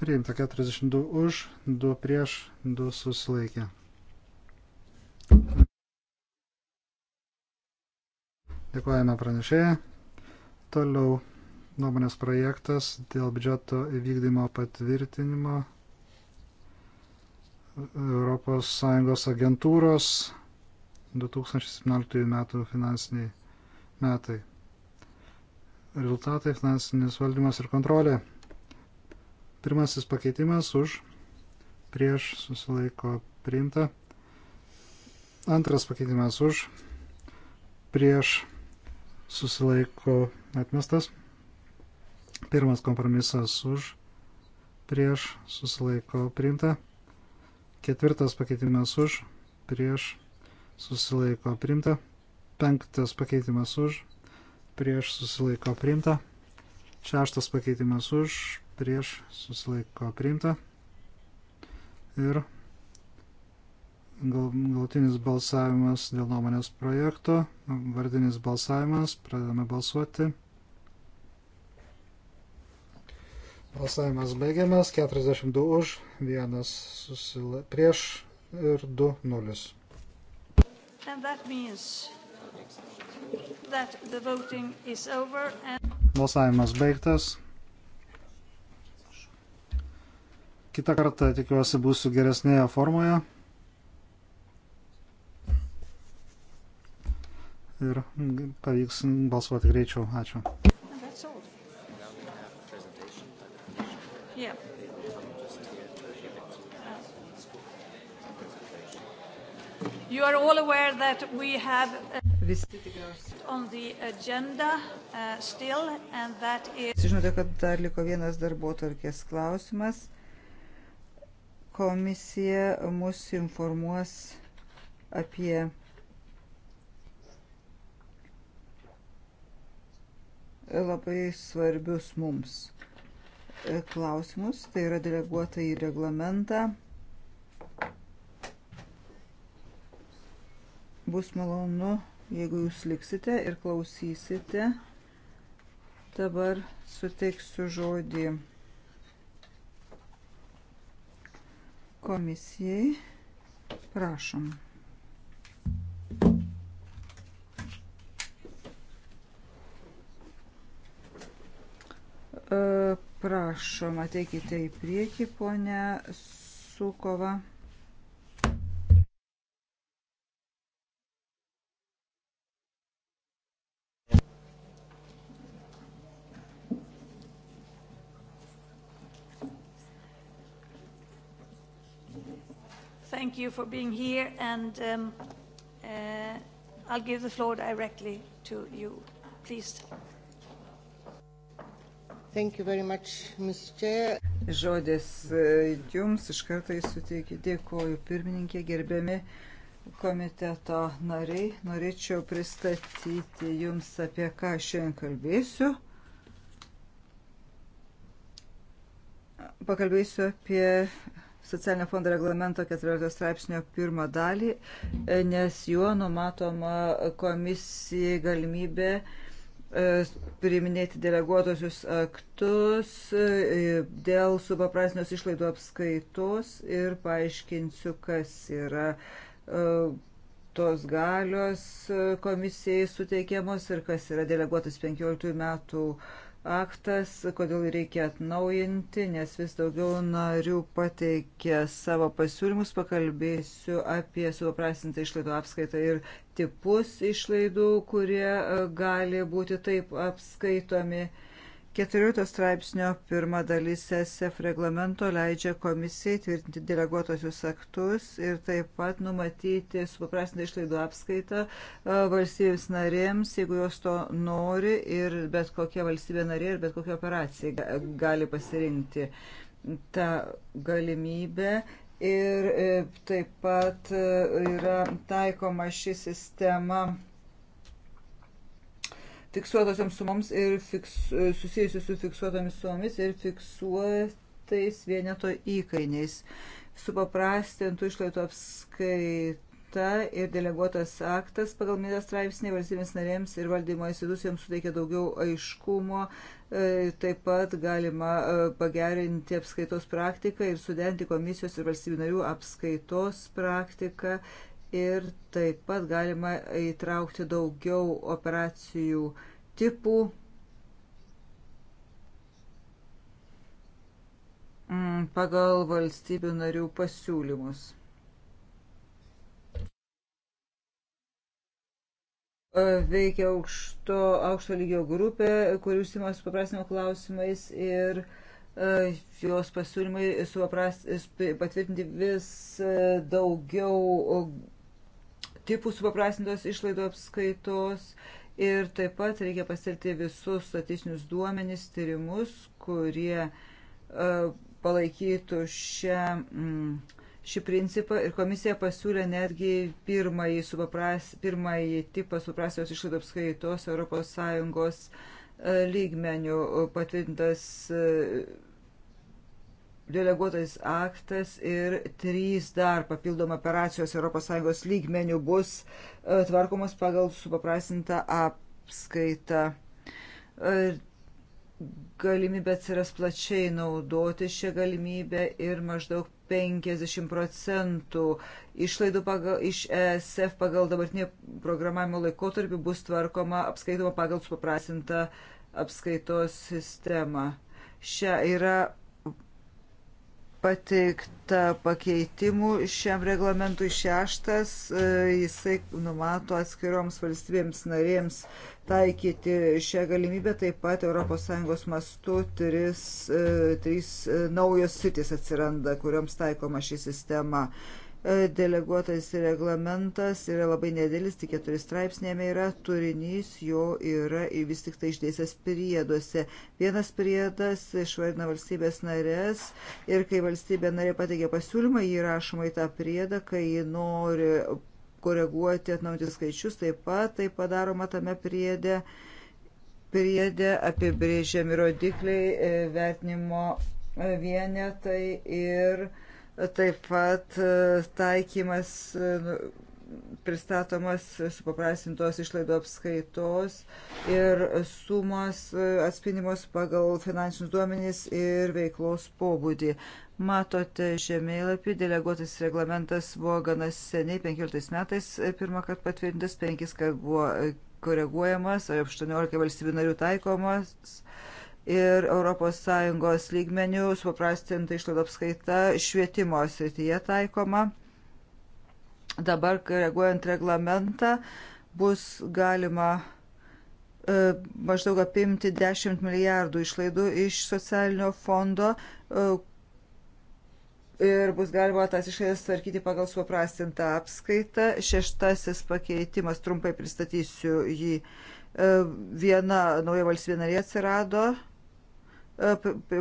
Priimta 42 už, 2 prieš, 2 susilaikė. Dėkojame pranešėją. Toliau nuomonės projektas dėl biudžeto įvykdymo patvirtinimo ES agentūros 2017 metų finansiniai metai. Rezultatai finansinis valdymas ir kontrolė. Pirmasis pakeitimas už prieš susilaiko priimta. Antras pakeitimas už prieš susilaiko atmestas. Pirmas kompromisas už prieš susilaiko priimta. Ketvirtas pakeitimas už, prieš, susilaiko primta. Penktas pakeitimas už, prieš, susilaiko primta. Šeštas pakeitimas už, prieš, susilaiko primta. Ir gal, galtinis balsavimas dėl nuomonės projekto, vardinis balsavimas, pradedame balsuoti. Balsavimas baigiamas. 42 už, 1 susila... prieš ir 2 nulis. And... Balsavimas baigtas. Kita kartą tikiuosi būsiu geresnėje formoje. Ir pavyks balsuoti greičiau. Ačiū. aware that we have uh, agenda, uh, still, is... Žinote, kad dar liko vienas darbo tvarkės klausimas. Komisija mus informuos apie labai svarbius mums e, klausimus. Tai yra deleguota į reglamentą Bus malonu, jeigu jūs liksite ir klausysite. Dabar suteiksiu žodį komisijai. Prašom. E, prašom, ateikite į priekį, ponę Sukova. you for being here, and um, uh, I'll give the floor directly to you. Please. Thank you very much, Ms. Chair. Žodis e, jums iš karto įsuteikiu. Dėkuoju pirmininkė, gerbiami komiteto nariai. Norėčiau pristatyti jums, apie ką šiandien kalbėsiu. Pakalbėsiu apie socialinio fondo reglamento 14 straipsnio pirmą dalį, e, nes juo numatoma komisijai galimybė e, priminėti deleguotosius aktus e, dėl supaprasnios išlaidų apskaitos ir paaiškinsiu, kas yra tos galios komisijai suteikiamos ir kas yra deleguotas 15 metų aktas, kodėl jį reikia atnaujinti, nes vis daugiau narių pateikė savo pasiūlymus, pakalbėsiu apie supaprastintą išlaidų apskaitą ir tipus išlaidų, kurie e, gali būti taip apskaitomi. 14 straipsnio pirma dalis SF reglamento leidžia komisijai tvirtinti deleguotosius aktus ir taip pat numatyti supaprastintą išlaidų apskaitą e, valstybėms narėms, jeigu jos to nori ir bet kokia valstybė narė ir bet kokia operacija gali pasirinkti tą galimybę. Ir e, taip pat e, yra taikoma ši sistema fiksuotosiams sumoms ir fiks, e, susijusiu su fiksuotomis sumomis ir fiksuotais vieneto įkainiais. Supaprastintų išlaidų apskaita ir deleguotas aktas pagal minėtą straipsnį valstybės narėms ir valdymo institucijoms suteikia daugiau aiškumo, e, taip pat galima e, pagerinti apskaitos praktiką ir sudenti komisijos ir valstybių narių apskaitos praktiką ir taip pat galima įtraukti daugiau operacijų tipų. Mm, pagal valstybių narių pasiūlymus. E, veikia aukšto, aukšto lygio grupė, kuri užsima su paprastinimo klausimais ir e, jos pasiūlymai patvirtinti vis e, daugiau tipų supaprastintos išlaidų apskaitos ir taip pat reikia pasirti visus statistinius duomenys, tyrimus, kurie e, palaikytų šią, mm, šį principą ir komisija pasiūlė netgi pirmąjį, supras, pirmąjį tipą suprastos išlaidų apskaitos ES e, lygmenių patvirtintas e, deleguotais aktas ir trys dar papildoma operacijos ES lygmenių bus e, tvarkomos pagal supaprastintą apskaitą. E, galimybė atsiras plačiai naudoti šią galimybę ir maždaug 50 procentų išlaidų pagal, iš ESF pagal dabartinį programavimo laikotarpį bus tvarkoma apskaitoma pagal supaprastintą apskaitos sistemą. Šia yra pateikta pakeitimų šiam reglamentui šeštas, e, jisai numato atskiroms valstybėms narėms taikyti šią galimybę, taip pat ES mastu tris, e, trys e, naujos sitis atsiranda, kuriuoms taikoma ši sistema. E, deleguotas reglamentas yra labai nedėlis, tik keturi straipsnėme yra, turinys jo yra vis tik tai išdėsęs prieduose. Vienas priedas išvardina valstybės narės ir kai valstybė narė pateikia pasiūlymą, jį rašoma į tą priedą, kai ji nori koreguoti, atnaujinti skaičius, taip pat tai padaroma tame priede. Priede apibrėžiami rodikliai, e, vertinimo e, vienetai ir uh, Taip pat e, taikymas e, nu, pristatomas supaprastintos išlaidų apskaitos ir sumos e, atspindimos pagal finansinius duomenys ir veiklos pobūdį. Matote žemėlapį, deleguotas reglamentas buvo gana seniai, 15 metais pirmą kartą patvirtintas, 5 kart buvo koreguojamas, 18 valstybių narių taikomas ir ES lygmenių suprastinta išlaidų apskaita švietimo srityje taikoma. Dabar, reaguojant reglamentą, bus galima e, maždaug apimti 10 milijardų išlaidų iš socialinio fondo e, ir bus galima tas išlaidas tvarkyti pagal suprastintą apskaitą. Šeštasis pakeitimas, trumpai pristatysiu jį. E, viena nauja valstybė narė atsirado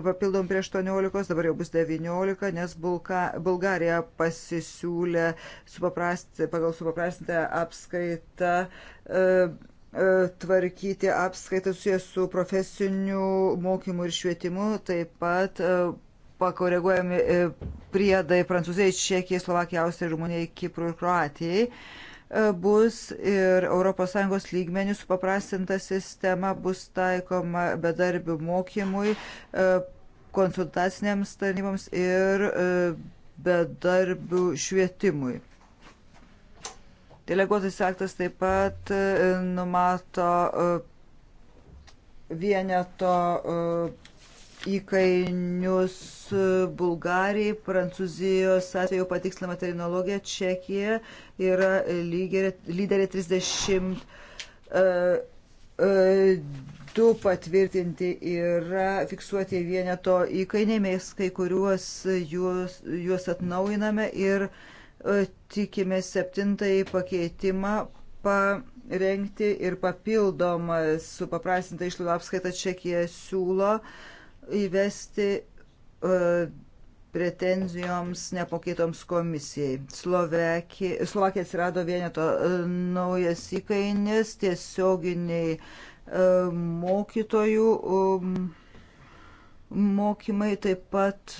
papildom prie 18, dabar jau bus 19, nes Bulka, Bulgarija pasisiūlė supaprast, pagal supaprastintą apskaitą e, e, tvarkyti apskaitą susijęs su profesiniu mokymu ir švietimu, taip pat e, pakoreguojami priedai Prancūzijai, Čekijai, Slovakijai, Austrijai, Rumunijai, Kiprui ir Kroatijai bus ir ES lygmenių supaprastinta sistema bus taikoma bedarbių mokymui, e, konsultacinėms tarnyboms ir e, bedarbių švietimui. Deleguotas aktas taip pat e, numato vieneto įkainius Bulgarijai, Prancūzijos atveju patikslinama terminologija, Čekija yra lygerė, lyderė 30. Uh, uh, du patvirtinti yra fiksuoti vieneto įkainiai, mes kai kuriuos juos, juos atnaujiname ir uh, e, tikime septintąjį pakeitimą parengti ir papildomą supaprastintą išlaidų apskaitą Čekija siūlo uh, įvesti e, pretenzijoms nepokėtoms komisijai. Slovakija, Slovakija atsirado vieneto e, naujas įkainis, tiesioginiai e, mokytojų mokymai taip pat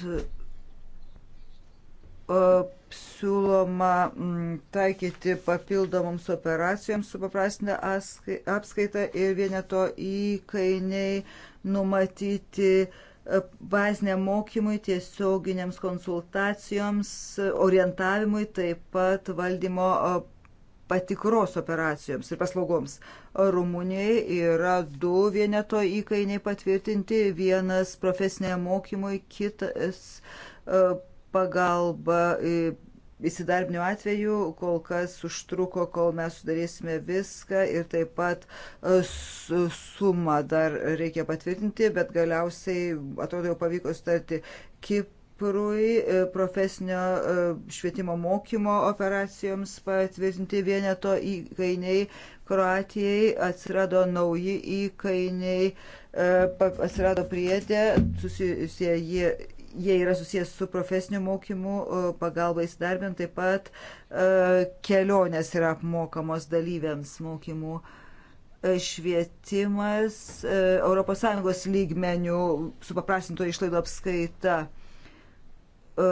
siūloma taikyti papildomoms operacijoms supaprastinę apskaitą ir vieneto įkainiai numatyti e, baziniam mokymui, tiesioginiams konsultacijoms, e, orientavimui, taip pat valdymo e, patikros operacijoms ir paslaugoms. Rumunijai yra du vieneto įkainiai patvirtinti, vienas profesiniam mokymui, kitas pagalba įsidarbinimo atveju kol kas užtruko, kol mes sudarysime viską ir taip pat e, sumą dar reikia patvirtinti, bet galiausiai, atrodo, jau pavyko sutarti Kiprui e, profesinio e, švietimo mokymo operacijoms patvirtinti vieneto įkainiai, Kroatijai atsirado nauji įkainiai, atsirado priedė susijęji jie yra susijęs su profesiniu mokymu, e, pagalba įsidarbint, taip pat e, kelionės yra apmokamos dalyviams mokymų. E, švietimas ES lygmenių supaprastinto išlaido apskaita E,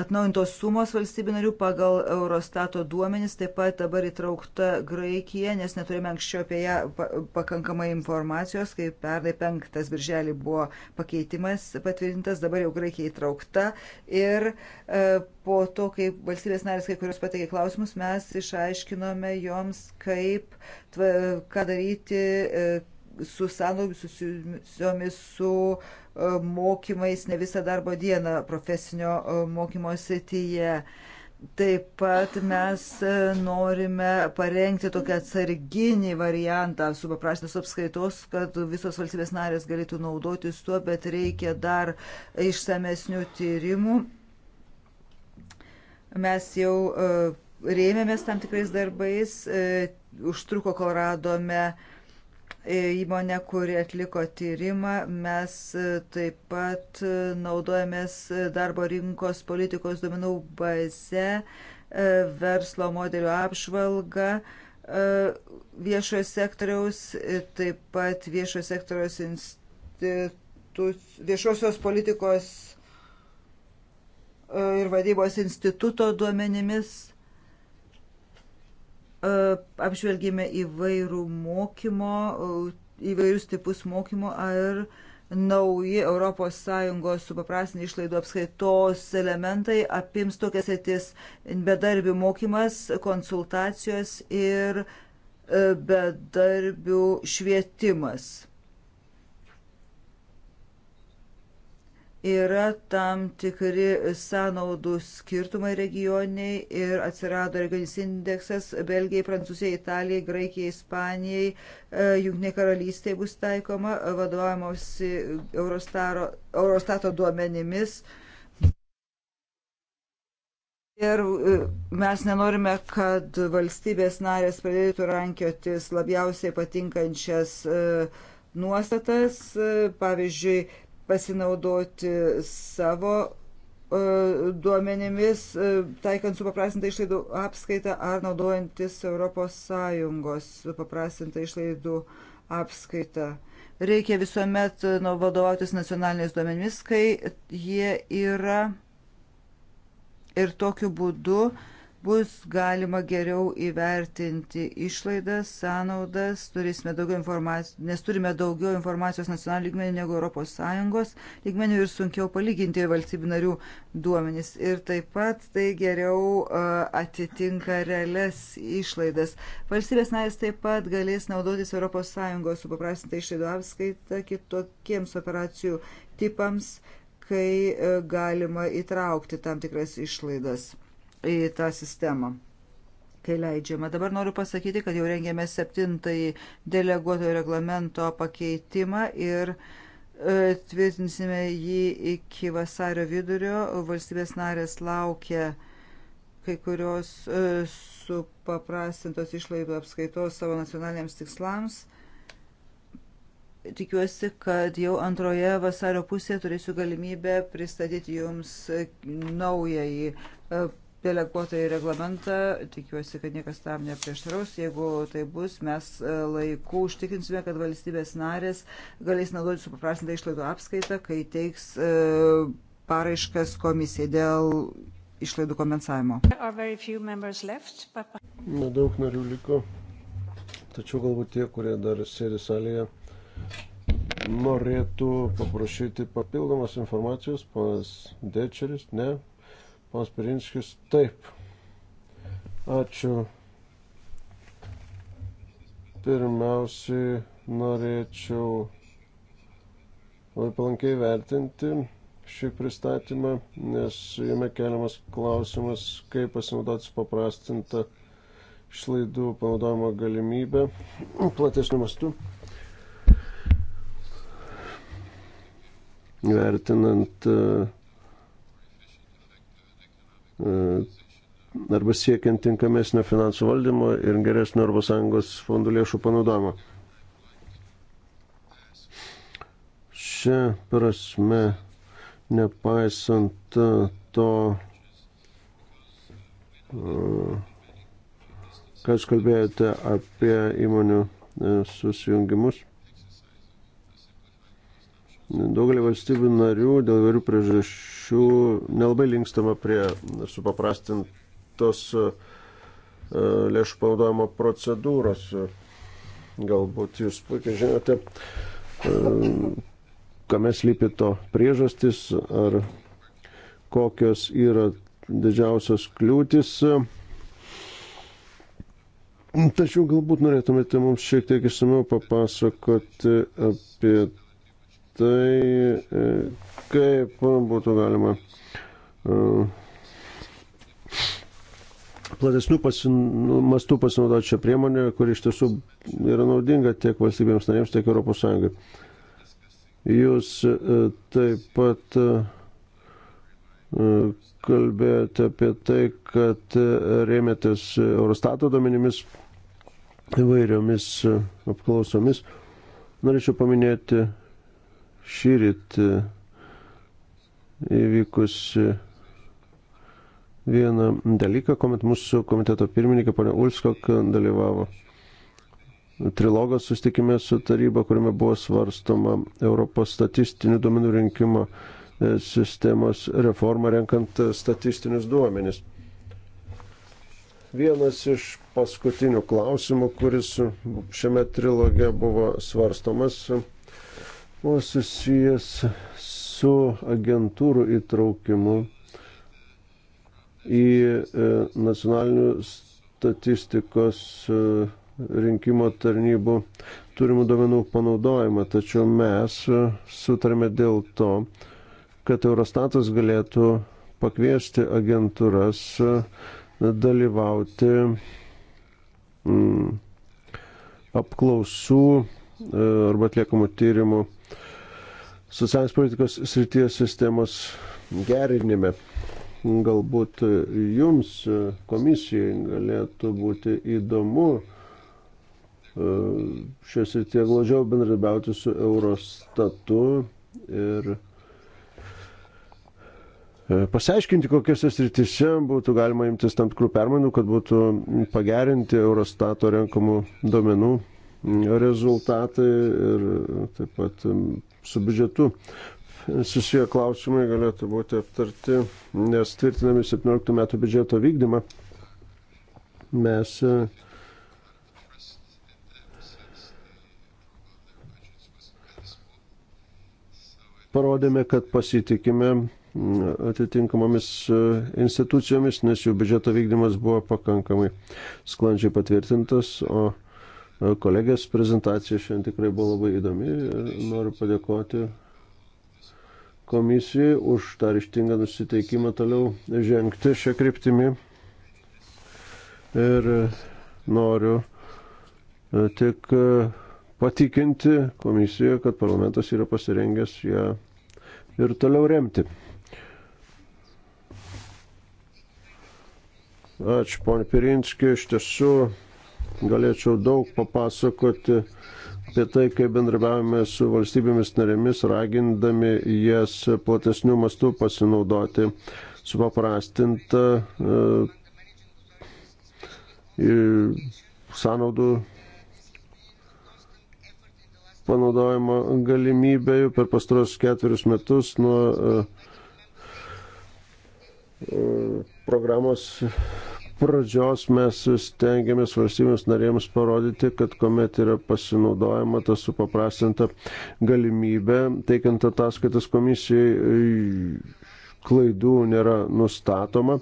atnaujintos sumos valstybių narių pagal Eurostato duomenis, taip pat dabar įtraukta Graikija, nes neturime anksčiau apie ją pakankamai informacijos, kai pernai 5 birželį buvo pakeitimas patvirtintas, dabar jau Graikija įtraukta ir e, po to, kai valstybės narės kai kurios pateikė klausimus, mes išaiškinome joms, kaip, ką daryti, e, su sąnaudomis susijusiomis su e, mokymais ne visą darbo dieną profesinio e, mokymo srityje. Taip pat mes e, norime parengti tokią atsarginį variantą supaprastinės apskaitos, kad visos valstybės narės galėtų naudotis tuo, bet reikia dar išsamesnių tyrimų. Mes jau rėmėmės tam tikrais darbais, užtruko, kol radome uh, E, įmonę, kuri atliko tyrimą. Mes e, taip pat e, naudojamės darbo rinkos politikos duomenų baze, verslo modelių apžvalgą viešojo sektoriaus, taip pat viešojo sektoriaus institucijos, viešosios politikos ir vadybos instituto duomenimis E, apžvelgėme įvairių mokymo, e, įvairius tipus mokymo ir nauji ES supaprastinė išlaidų apskaitos elementai apims tokias etis bedarbių mokymas, konsultacijos ir e, bedarbių švietimas. yra tam tikri sąnaudų skirtumai regioniai ir atsirado regioninis indeksas Belgijai, Prancūzijai, Italijai, Graikijai, Ispanijai, e, Junktinė karalystė bus taikoma, vadovavimuosi Eurostato duomenimis. Ir e, mes nenorime, kad valstybės narės pradėtų rankiotis labiausiai patinkančias e, nuostatas, pavyzdžiui, pasinaudoti savo e, duomenimis, e, taikant supaprastintą išlaidų apskaitą ar naudojantis ES supaprastintą išlaidų apskaitą. Reikia visuomet e, vadovautis nacionaliniais duomenimis, kai jie yra ir tokiu būdu uh, bus galima geriau įvertinti išlaidas, sąnaudas, turėsime daugiau informacijos, nes turime daugiau informacijos nacionalinių lygmenių negu ES lygmenių ir sunkiau palyginti valstybių narių duomenys. Ir taip pat tai geriau atitinka realias išlaidas. Valstybės narės taip pat galės naudotis ES supaprastinta išlaidų apskaita kitokiems operacijų tipams kai galima įtraukti tam tikras išlaidas į tą sistemą kai leidžiama. Dabar noriu pasakyti, kad jau rengėme septintąjį deleguotojo reglamento pakeitimą ir e, tvirtinsime jį iki vasario vidurio. Valstybės narės laukia kai kurios e, supaprastintos išlaidų apskaitos savo nacionaliniams tikslams. Tikiuosi, kad jau antroje vasario pusėje turėsiu galimybę pristatyti Jums naująjį e, deleguotą į reglamentą. Tikiuosi, kad niekas tam neprieštaraus. Jeigu tai bus, mes e, laiku užtikrinsime, kad valstybės narės galės naudoti supaprastintą išlaidų apskaitą, kai teiks e, paraiškas komisijai dėl išlaidų kompensavimo. Nedaug narių liko, tačiau galbūt tie, kurie dar sėdi salėje, norėtų paprašyti papildomas informacijos pas Dečeris, ne? Pons Pirinskis, taip. Ačiū. Pirmiausiai norėčiau labai palankiai vertinti šį pristatymą, nes jame keliamas klausimas, kaip pasinaudoti supaprastintą išlaidų panaudojimo galimybę platesniu mastu. Vertinant uh, E, arba siekiant tinkamesnio finansų valdymo ir geresnio ES fondų lėšų panaudojimo. Šią prasme, nepaisant to, e, ką jūs kalbėjote apie įmonių e, susijungimus, Daugelį valstybių narių dėl įvairių priežasčių nelabai linkstama prie supaprastintos e, e, lėšų panaudojimo procedūros. Galbūt jūs puikiai žinote, e, kame slypi to priežastis ar kokios yra didžiausios kliūtis. Tačiau galbūt norėtumėte mums šiek tiek išsameu papasakoti apie tai, e, kaip būtų galima e, platesnių pasin... mastų pasinaudoti šią priemonę, kuri iš tiesų yra naudinga tiek valstybėms narėms, tiek ES. Jūs e, taip pat kalbėjote apie tai, kad rėmėtės Eurostato duomenimis įvairiomis apklausomis. Norėčiau paminėti šyrit e, įvykus e, vieną dalyką, kuomet mūsų komiteto pirmininkė ponė Ulskok dalyvavo trilogos sustikime su taryba, kuriame buvo svarstoma Europos statistinių duomenų rinkimo e, sistemos reforma renkant statistinius duomenis. Vienas iš paskutinių klausimų, kuris šiame triloge buvo svarstomas, buvo susijęs su agentūrų įtraukimu į e, nacionalinių statistikos e, rinkimo tarnybų turimų duomenų panaudojimą, tačiau mes e, sutarėme dėl to, kad Eurostatas galėtų pakviesti agentūras dalyvauti mm, apklausų arba atliekamų tyrimų socialinės politikos srityje sistemos gerinime. Galbūt jums komisijai galėtų būti įdomu e, šios srityje glaudžiau bendradarbiauti su Eurostatu ir e, pasiaiškinti, kokiuose srityse būtų galima imtis tam tikrų permainų, kad būtų pagerinti Eurostato renkamų duomenų rezultatai ir taip pat su biudžetu susiję klausimai galėtų būti aptarti, nes tvirtinami 17 metų biudžeto vykdymą mes e, parodėme, kad pasitikime atitinkamomis e, institucijomis, nes jų biudžeto vykdymas buvo pakankamai sklandžiai patvirtintas, o E, kolegės prezentacija šiandien tikrai buvo labai įdomi ir noriu padėkoti komisijai už tą ryštingą nusiteikimą toliau žengti šią kryptimį. Ir noriu e, tik e, patikinti komisiją, kad parlamentas yra pasirengęs ją ir toliau remti. Ačiū, ponė Pirinskė, iš tiesų Galėčiau daug papasakoti apie tai, kaip bendrabiavame su valstybėmis narėmis, ragindami jas platesnių mastų pasinaudoti supaprastintą e, sąnaudų panaudojimo galimybę jau per pastarosius ketverius metus nuo e, e, programos pradžios mes stengiamės valstybėms narėms parodyti, kad kuomet yra pasinaudojama ta supaprastinta galimybė, teikiant ataskaitas komisijai, klaidų nėra nustatoma.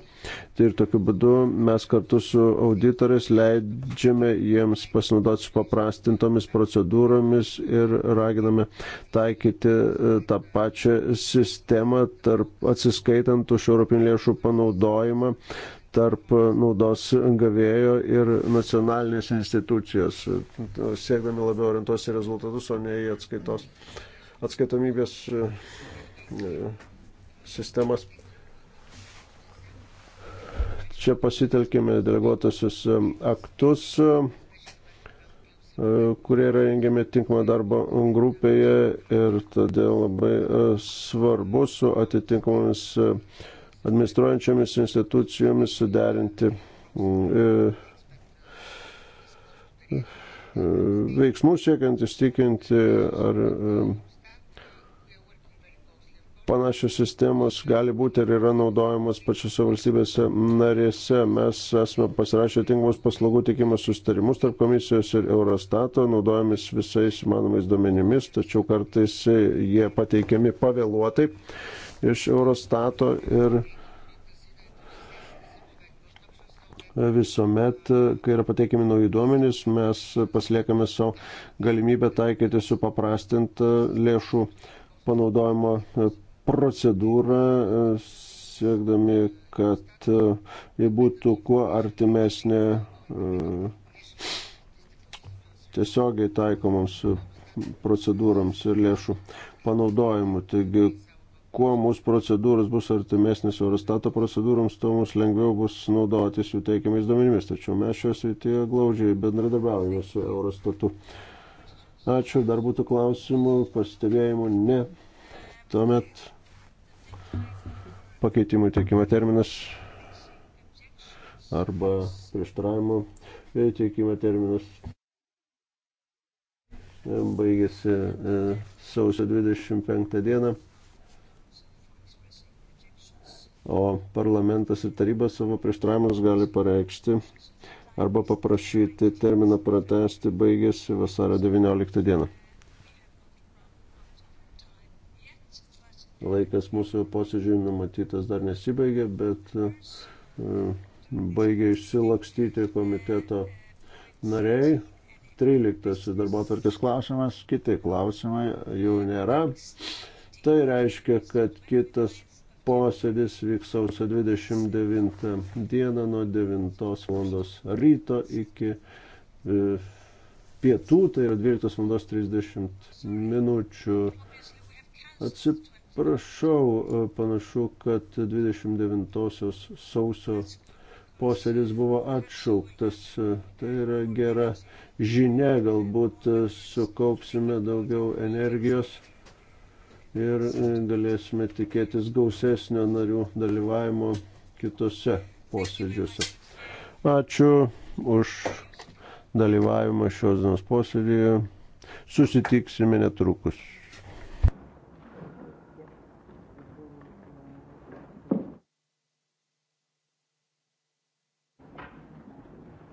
Tai ir tokiu būdu mes kartu su auditoriais leidžiame jiems pasinaudoti su paprastintomis procedūromis ir raginame taikyti e, tą pačią sistemą tarp atsiskaitant už europinių lėšų panaudojimą tarp naudos gavėjo ir nacionalinės institucijos, siekdami labiau orientuosi į rezultatus, o ne į atskaitos, atskaitomybės e, sistemas. Čia pasitelkime deleguotusius aktus, e, kurie yra rengiami tinkamo darbo grupėje ir todėl labai e, svarbu su atitinkamomis administruojančiomis institucijomis suderinti mm, e, e, veiksmus siekiant įstikinti, ar e, panašios sistemos gali būti ir yra naudojamos pačiose valstybėse narėse. Mes esame pasirašę tinkamus paslaugų tikimas sustarimus tarp komisijos ir Eurostato, naudojamis visais įmanomais duomenimis, tačiau kartais jie pateikiami pavėluotai iš Eurostato ir visuomet, kai yra pateikimi nauji duomenys, mes pasliekame savo galimybę taikyti su paprastintą lėšų panaudojimo procedūrą, siekdami, kad ji būtų kuo artimesnė tiesiogiai taikomoms procedūroms ir lėšų panaudojimu. Taigi, kuo mūsų procedūros bus artimesnės Eurostato procedūroms, tuo mums lengviau bus naudotis jų teikiamais duomenimis. Tačiau mes šios rytyje glaudžiai bendradarbiaujame su Eurostatu. Ačiū, dar būtų klausimų, pastebėjimų, ne. Tuomet pakeitimų teikimo terminas arba prieštaravimo teikimo terminas e, baigėsi e, sausio 25 dieną o parlamentas ir taryba savo prieštravimus gali pareikšti arba paprašyti terminą pratesti baigėsi vasario 19 dieną. Laikas mūsų posėdžiui numatytas dar nesibaigė, bet e, baigė išsilakstyti komiteto nariai. 13 darbo tvarkės klausimas, kiti klausimai jų nėra. Tai reiškia, kad kitas posėdis vyks sausio 29 dieną nuo 9 val. ryto iki e, pietų, tai yra 12 val. 30 minučių. Atsiprašau, e, panašu, kad 29 sausio posėdis buvo atšauktas. E, tai yra gera žinia, galbūt sukaupsime daugiau energijos ir e, galėsime tikėtis gausesnio narių dalyvavimo kitose posėdžiuose. Ačiū už dalyvavimą šios dienos posėdėje. Susitiksime netrukus.